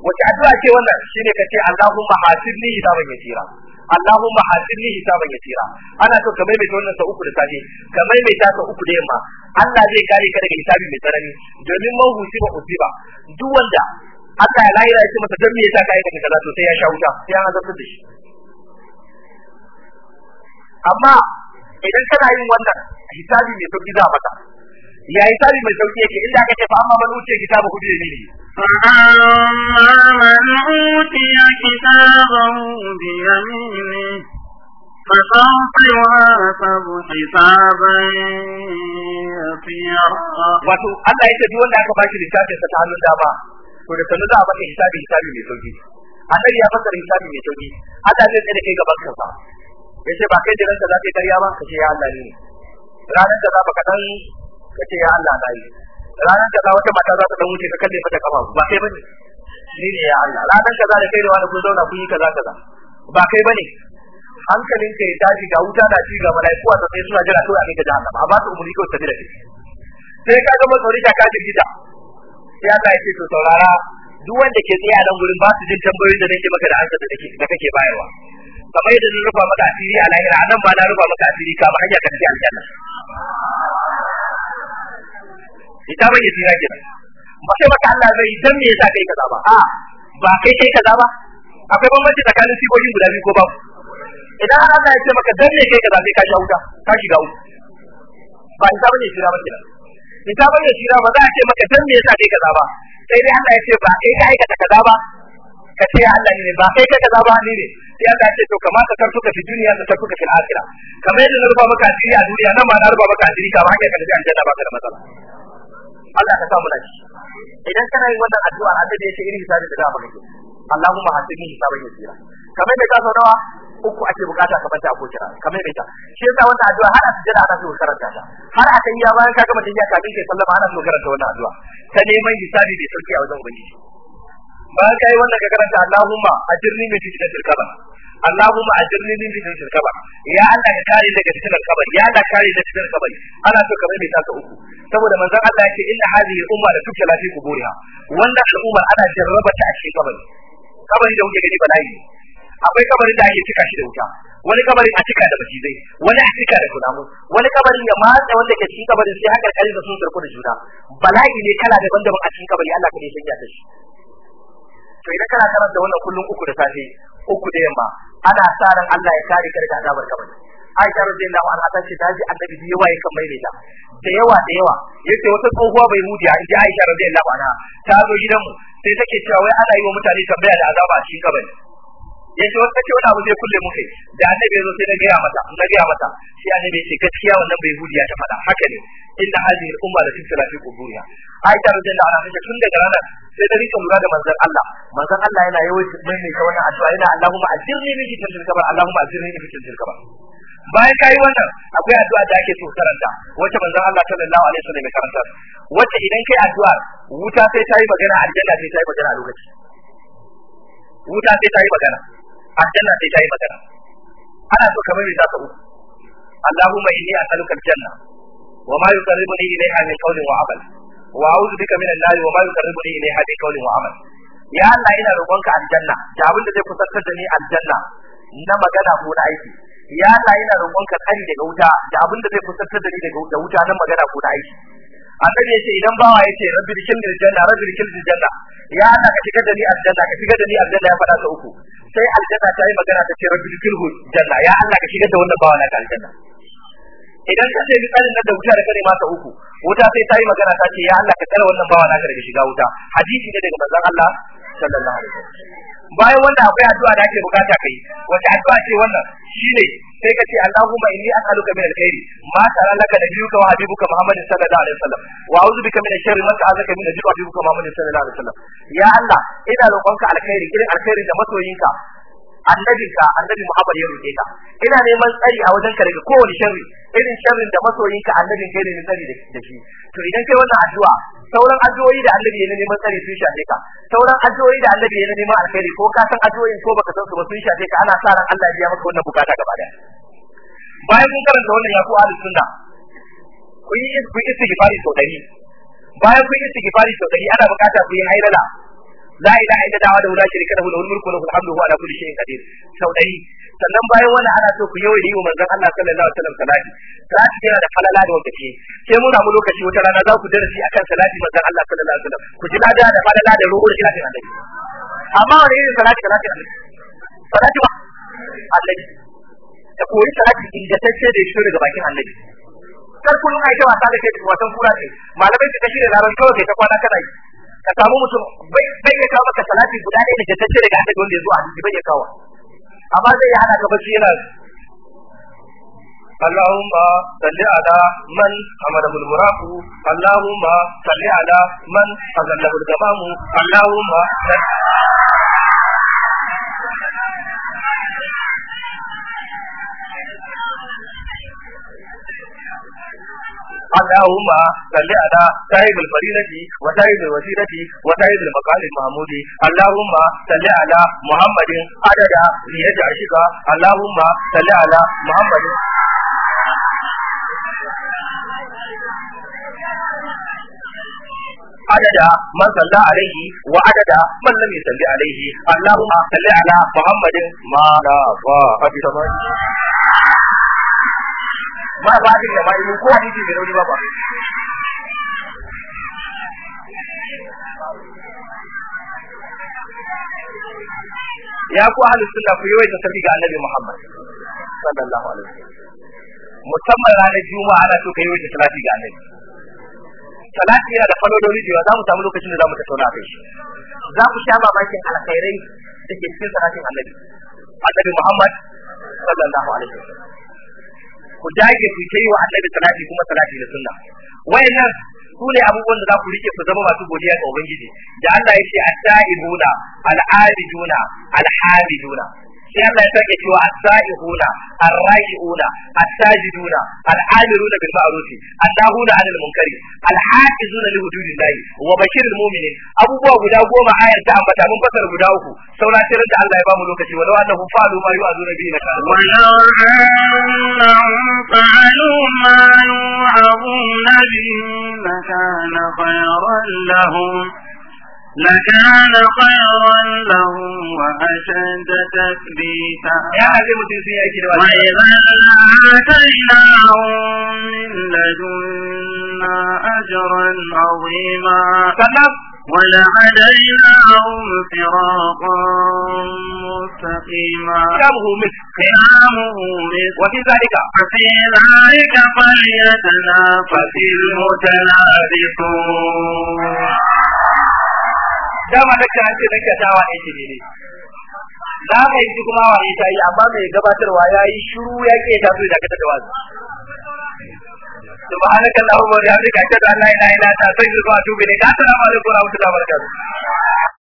Speaker 2: wace addu'a ce wannan shine kace Allahumma hasibni hisaban yasira Allahumma hasibni hisaban yasira ana so ka maimaita wannan sau uku da safe ka maimaita sau uku da yamma Allah zai kare ka daga hisabi mai tsanani domin man husiba ba. duk wanda Allah ya lahira shi ce masa dan me yasa kai da kaza to sai ya sha wuta sai an azabta da shi amma idan kana yin wannan hisabi mai sauki za a maka ya yi sabi mai sauki yake inda aka ce fa amma ban wuce kitabu hudu da biyu fa
Speaker 1: man uce kitabu bi yamini
Speaker 2: fa sawfa yuhasabu hisaban yasira wato Allah ya ce duk wanda aka bashi littafin sa ta hannun dama to da sanu za a baka hisabi hisabi mai sauki annabi ya baka hisabi mai sauki Allah zai tsare kai gaban kansa yace ba kai da ranka za ka yi karya ba kace ya Allah ne ranar da za ka dan kace ya Allah na yi ranar kaza wata mata za ta dan wuce ka kalle mata kafa ba kai bane ni ne ya Allah ranar kaza da kai da wani kun zauna kun yi kaza kaza ba kai bane hankalin ka ya tashi ga wuta da ci ga malaiku a sai suna jira kawai a kai ga jahannama a ba su umuri kawai tafi da sai ka ga masauri ta kaji gida sai Allah ya ce to saurara duk wanda ke tsaye a gurin ba su jin tambayoyin da nake maka da hankali da kake da kake bayarwa kamar yadda na rufa maka asiri a lahira nan ba na rufa maka asiri ka ba hanya ka tafi aljanna ita ya tsira ke ba sai maka Allah zai dan me yasa kai kaza ba a ba kai kai kaza ba akwai bambanci tsakanin sikokin guda biyu ko ba idan Allah ya ce maka dan me kai kaza sai ka sha wuta ka shiga wuta ba ita bane tsira ba kenan ita bane tsira ba za a ce maka dan me yasa kai kaza ba sai dai Allah ya ce ba kai ka aikata kaza ba ka ce Allah ne ba kai ka kaza ba ne ne sai Allah ce to kamar ka kar ka fi duniya da kar ka fi akhira kamar yadda na ruba maka asiri a duniya nan ma na ruba maka asiri ka ba kai ka tafi aljanna ba ka da matsala Allah ka samu lafiya idan kana yin wannan addu'a Allah da yake irin hisabi da dama kake Allahumma hasibni hisaban yasira kamar da ka so nawa uku ake bukata ka banta ko kira kamar da ka shi yasa wannan addu'a har a jira ana so karanta ta har a yi ya bayan ka gama tafiya kafin kai sallama ana so karanta wannan addu'a ta neman hisabi da sauki a wajen ubangiji ba ka yi wannan ka karanta Allahumma ajirni min fitnatil qabr Allahumma ajirni min fitnatil qabr ya Allah ka kare daga fitnatil kabari, ya Allah kare daga fitnatil kabari. ana so kamar mai taka uku saboda manzon Allah yake inna hadhihi umma la tubtala fi quburiha wanda al'umma ana jarraba ta a cikin kabari kabari da kuke gani bala'i akwai kabarin da ake cika shi da wuta wani kabarin a cika da zai, wani a cika da kunamu wani kabarin ya matsa wanda ke cikin kabarin sai haka kalin da sun sarko da juna bala'i ne kala daban-daban a cikin kabari Allah ka ne sanya ta shi to idan kana karanta wannan kullum uku da safe uku da yamma ana sa ran Allah ya kare ka daga azabar kabari Aisha radiyallahu anha ta ce ta ji annabi da yawa yakan mai ta da yawa da yawa yace wata tsohuwa bai mudiya in ji Aisha radiyallahu anha ta zo gidanmu sai take cewa wai ana yi wa mutane tambaya da azaba shi kabari yace wata ce wani abu zai kulle mu kai da annabi zo sai na gaya mata na gaya mata sai annabi ce gaskiya wannan bai hudiya ta fada haka ne inna hadhihi al-umma la tisra fi quburiha aisha radhiyallahu anha ce tun daga ranar sai da rikon lura da manzon Allah manzon Allah yana yawaita mai ne ta wannan addu'a yana Allahumma ajirni min fitnatil kabar Allahumma ajirni min fitnatil kabar bayan kai wannan akwai addu'a da ake so karanta wacce manzon Allah sallallahu alaihi wasallam ya karanta wacce idan kai addu'a wuta sai ta yi magana aljanna sai ta yi magana a lokaci wuta sai ta magana aljanna sai ta yi magana ana so kamar mai zaka uku Allahumma inni as'aluka aljanna wa ma yuqarribuni ilayha min qawlin wa amal wa a'udhu bika minan nar wa ma yuqarribuni ilayha min qawlin wa amal ya Allah ina roƙonka aljanna da abin da zai kusantar da ni aljanna na magana ko na aiki ya Allah ina roƙonka tsari daga wuta da abin da zai kusantar da ni daga wuta na magana ko na aiki annabi yace idan bawa yace rabbi dikil lil janna rabbi dikil lil janna ya Allah ka shiga da ni aljanna ka shiga da ni aljanna ya fada ta uku sai aljanna ta yi magana ta ce rabbi dikil janna ya Allah ka shiga da wannan bawa na aljanna idan ka ce misalin nan da wuta da kare mata uku wuta sai ta yi magana ta ce ya Allah ka tsare wannan bawa na daga shiga wuta hadisi ne daga manzon Allah sallallahu alaihi wasallam bayan wanda akwai addu'a da ake bukata kai wace addu'a ce wannan shine sai ka ce Allahumma inni as'aluka min alkhairi ma tara laka nabiyuka wa habibuka Muhammad sallallahu alaihi wasallam wa a'udhu bika min sharri ma ta'azaka min nabiyuka wa habibuka Muhammad sallallahu alaihi wasallam ya Allah ina roƙonka alkhairi irin alkhairi da masoyinka annabin ka annabi Muhammad ya roke ka ina neman tsari a wajen ka daga kowane sharri irin sharrin da masoyin ka annabin kai ne ne tsari da shi to idan kai wannan addu'a sauran addu'o'i da annabi ya neman tsari sun shafe ka sauran addu'o'i da annabi ya neman alkhairi ko ka san addu'o'in ko baka san su ba sun shafe ka ana sa ran Allah ya biya maka wannan bukata gaba daya bayan kun karanta wannan ya ku ahlus sunna kun yi istighfari sau 100 bayan kun yi istighfari sau 100 ana bukata ku yi haidala la ilaha illallah wa la sharika lahu lahul mulku wa lahul hamdu wa ala kulli shay'in qadir sau dai sannan bayan wannan ana so ku yawan yi wa manzon Allah sallallahu alaihi wasallam salati salati yana da falala da wakaci sai mun samu lokaci wata rana za ku darasi akan salati manzon Allah sallallahu alaihi wasallam ku ji lada da falala da ruhul salati annabi amma wani irin salati salati annabi salati ba annabi ta koyi salati in da shi daga bakin annabi kar kullum ai ta wasa da ke wasan kura ce malamai su kashi da larabci kawai ta kwana kana yi ka samu mutum bai bai ya kawo maka salati guda ɗaya da jaddace daga annabi wanda ya zo a bai ya kawo amma zai yi hana ka bacci yana Allahumma salli ala man amara mul muraqu Allahumma salli ala man azalla al jamamu Allahumma اللهم صل على صاحب الفريضة وصاحب الوسيلة وصاحب المقال المحمود اللهم صل على محمد عدد زيادة عشق اللهم صل على محمد عدد من صلى عليه وعدد من لم يصلي عليه اللهم صل على محمد ما لا فاقد ba ba da gaba ne ko hadisi da rauni ba ba ya ku ahlus sunna ku yi ta tafi ga annabi Muhammad sallallahu alaihi wasallam musamman ranar juma'a ana so ka yi ta salati ga annabi salati yana da falololi da za mu samu lokacin da za mu tattauna kai shi za ku sha mamakin alkhairai da ke cikin salatin annabi annabi Muhammad sallallahu alaihi wasallam ku dage ku yi wa da salati kuma salati da sunna wayannan su ne abubuwan da za ku rike ku zama masu godiya ga ubangiji da Allah ya ce at-ta'ibuna al-abiduna al-hamiduna sai Allah ya sake cewa as-sa'ihuna ar-raji'una as-sajiduna al-amiruna bil ma'ruf an-nahuna 'anil munkari al-hafizuna li hududillahi wa bashiril mu'minin abubuwa guda goma ayar ta ambata mun fasara guda uku saura tirin da Allah ya bamu lokaci walau annahu fa'alu ma yu'azuna bihi la kana walau
Speaker 1: annahum fa'alu ma yu'azuna bihi
Speaker 2: la kana khayran lahum لكان خيرا لهم وأشد تثبيتا وإذا آتيناهم من لدنا أجرا عظيما ولهديناهم صراطا مستقيما قيامه مثل مثل وفي ذلك ففي ذلك فليتنافس المتنافسون dama da kan ce da katawa yake ne na yi kuma ne ta yi amma mai gabatarwa ya yi shiru ya ke ta zuwa daga da wazi subhanaka allahumma wa bihamdika ashhadu an yi ilaha illa anta astaghfiruka wa atubu ilayk assalamu alaikum kura wuta wa barakatuh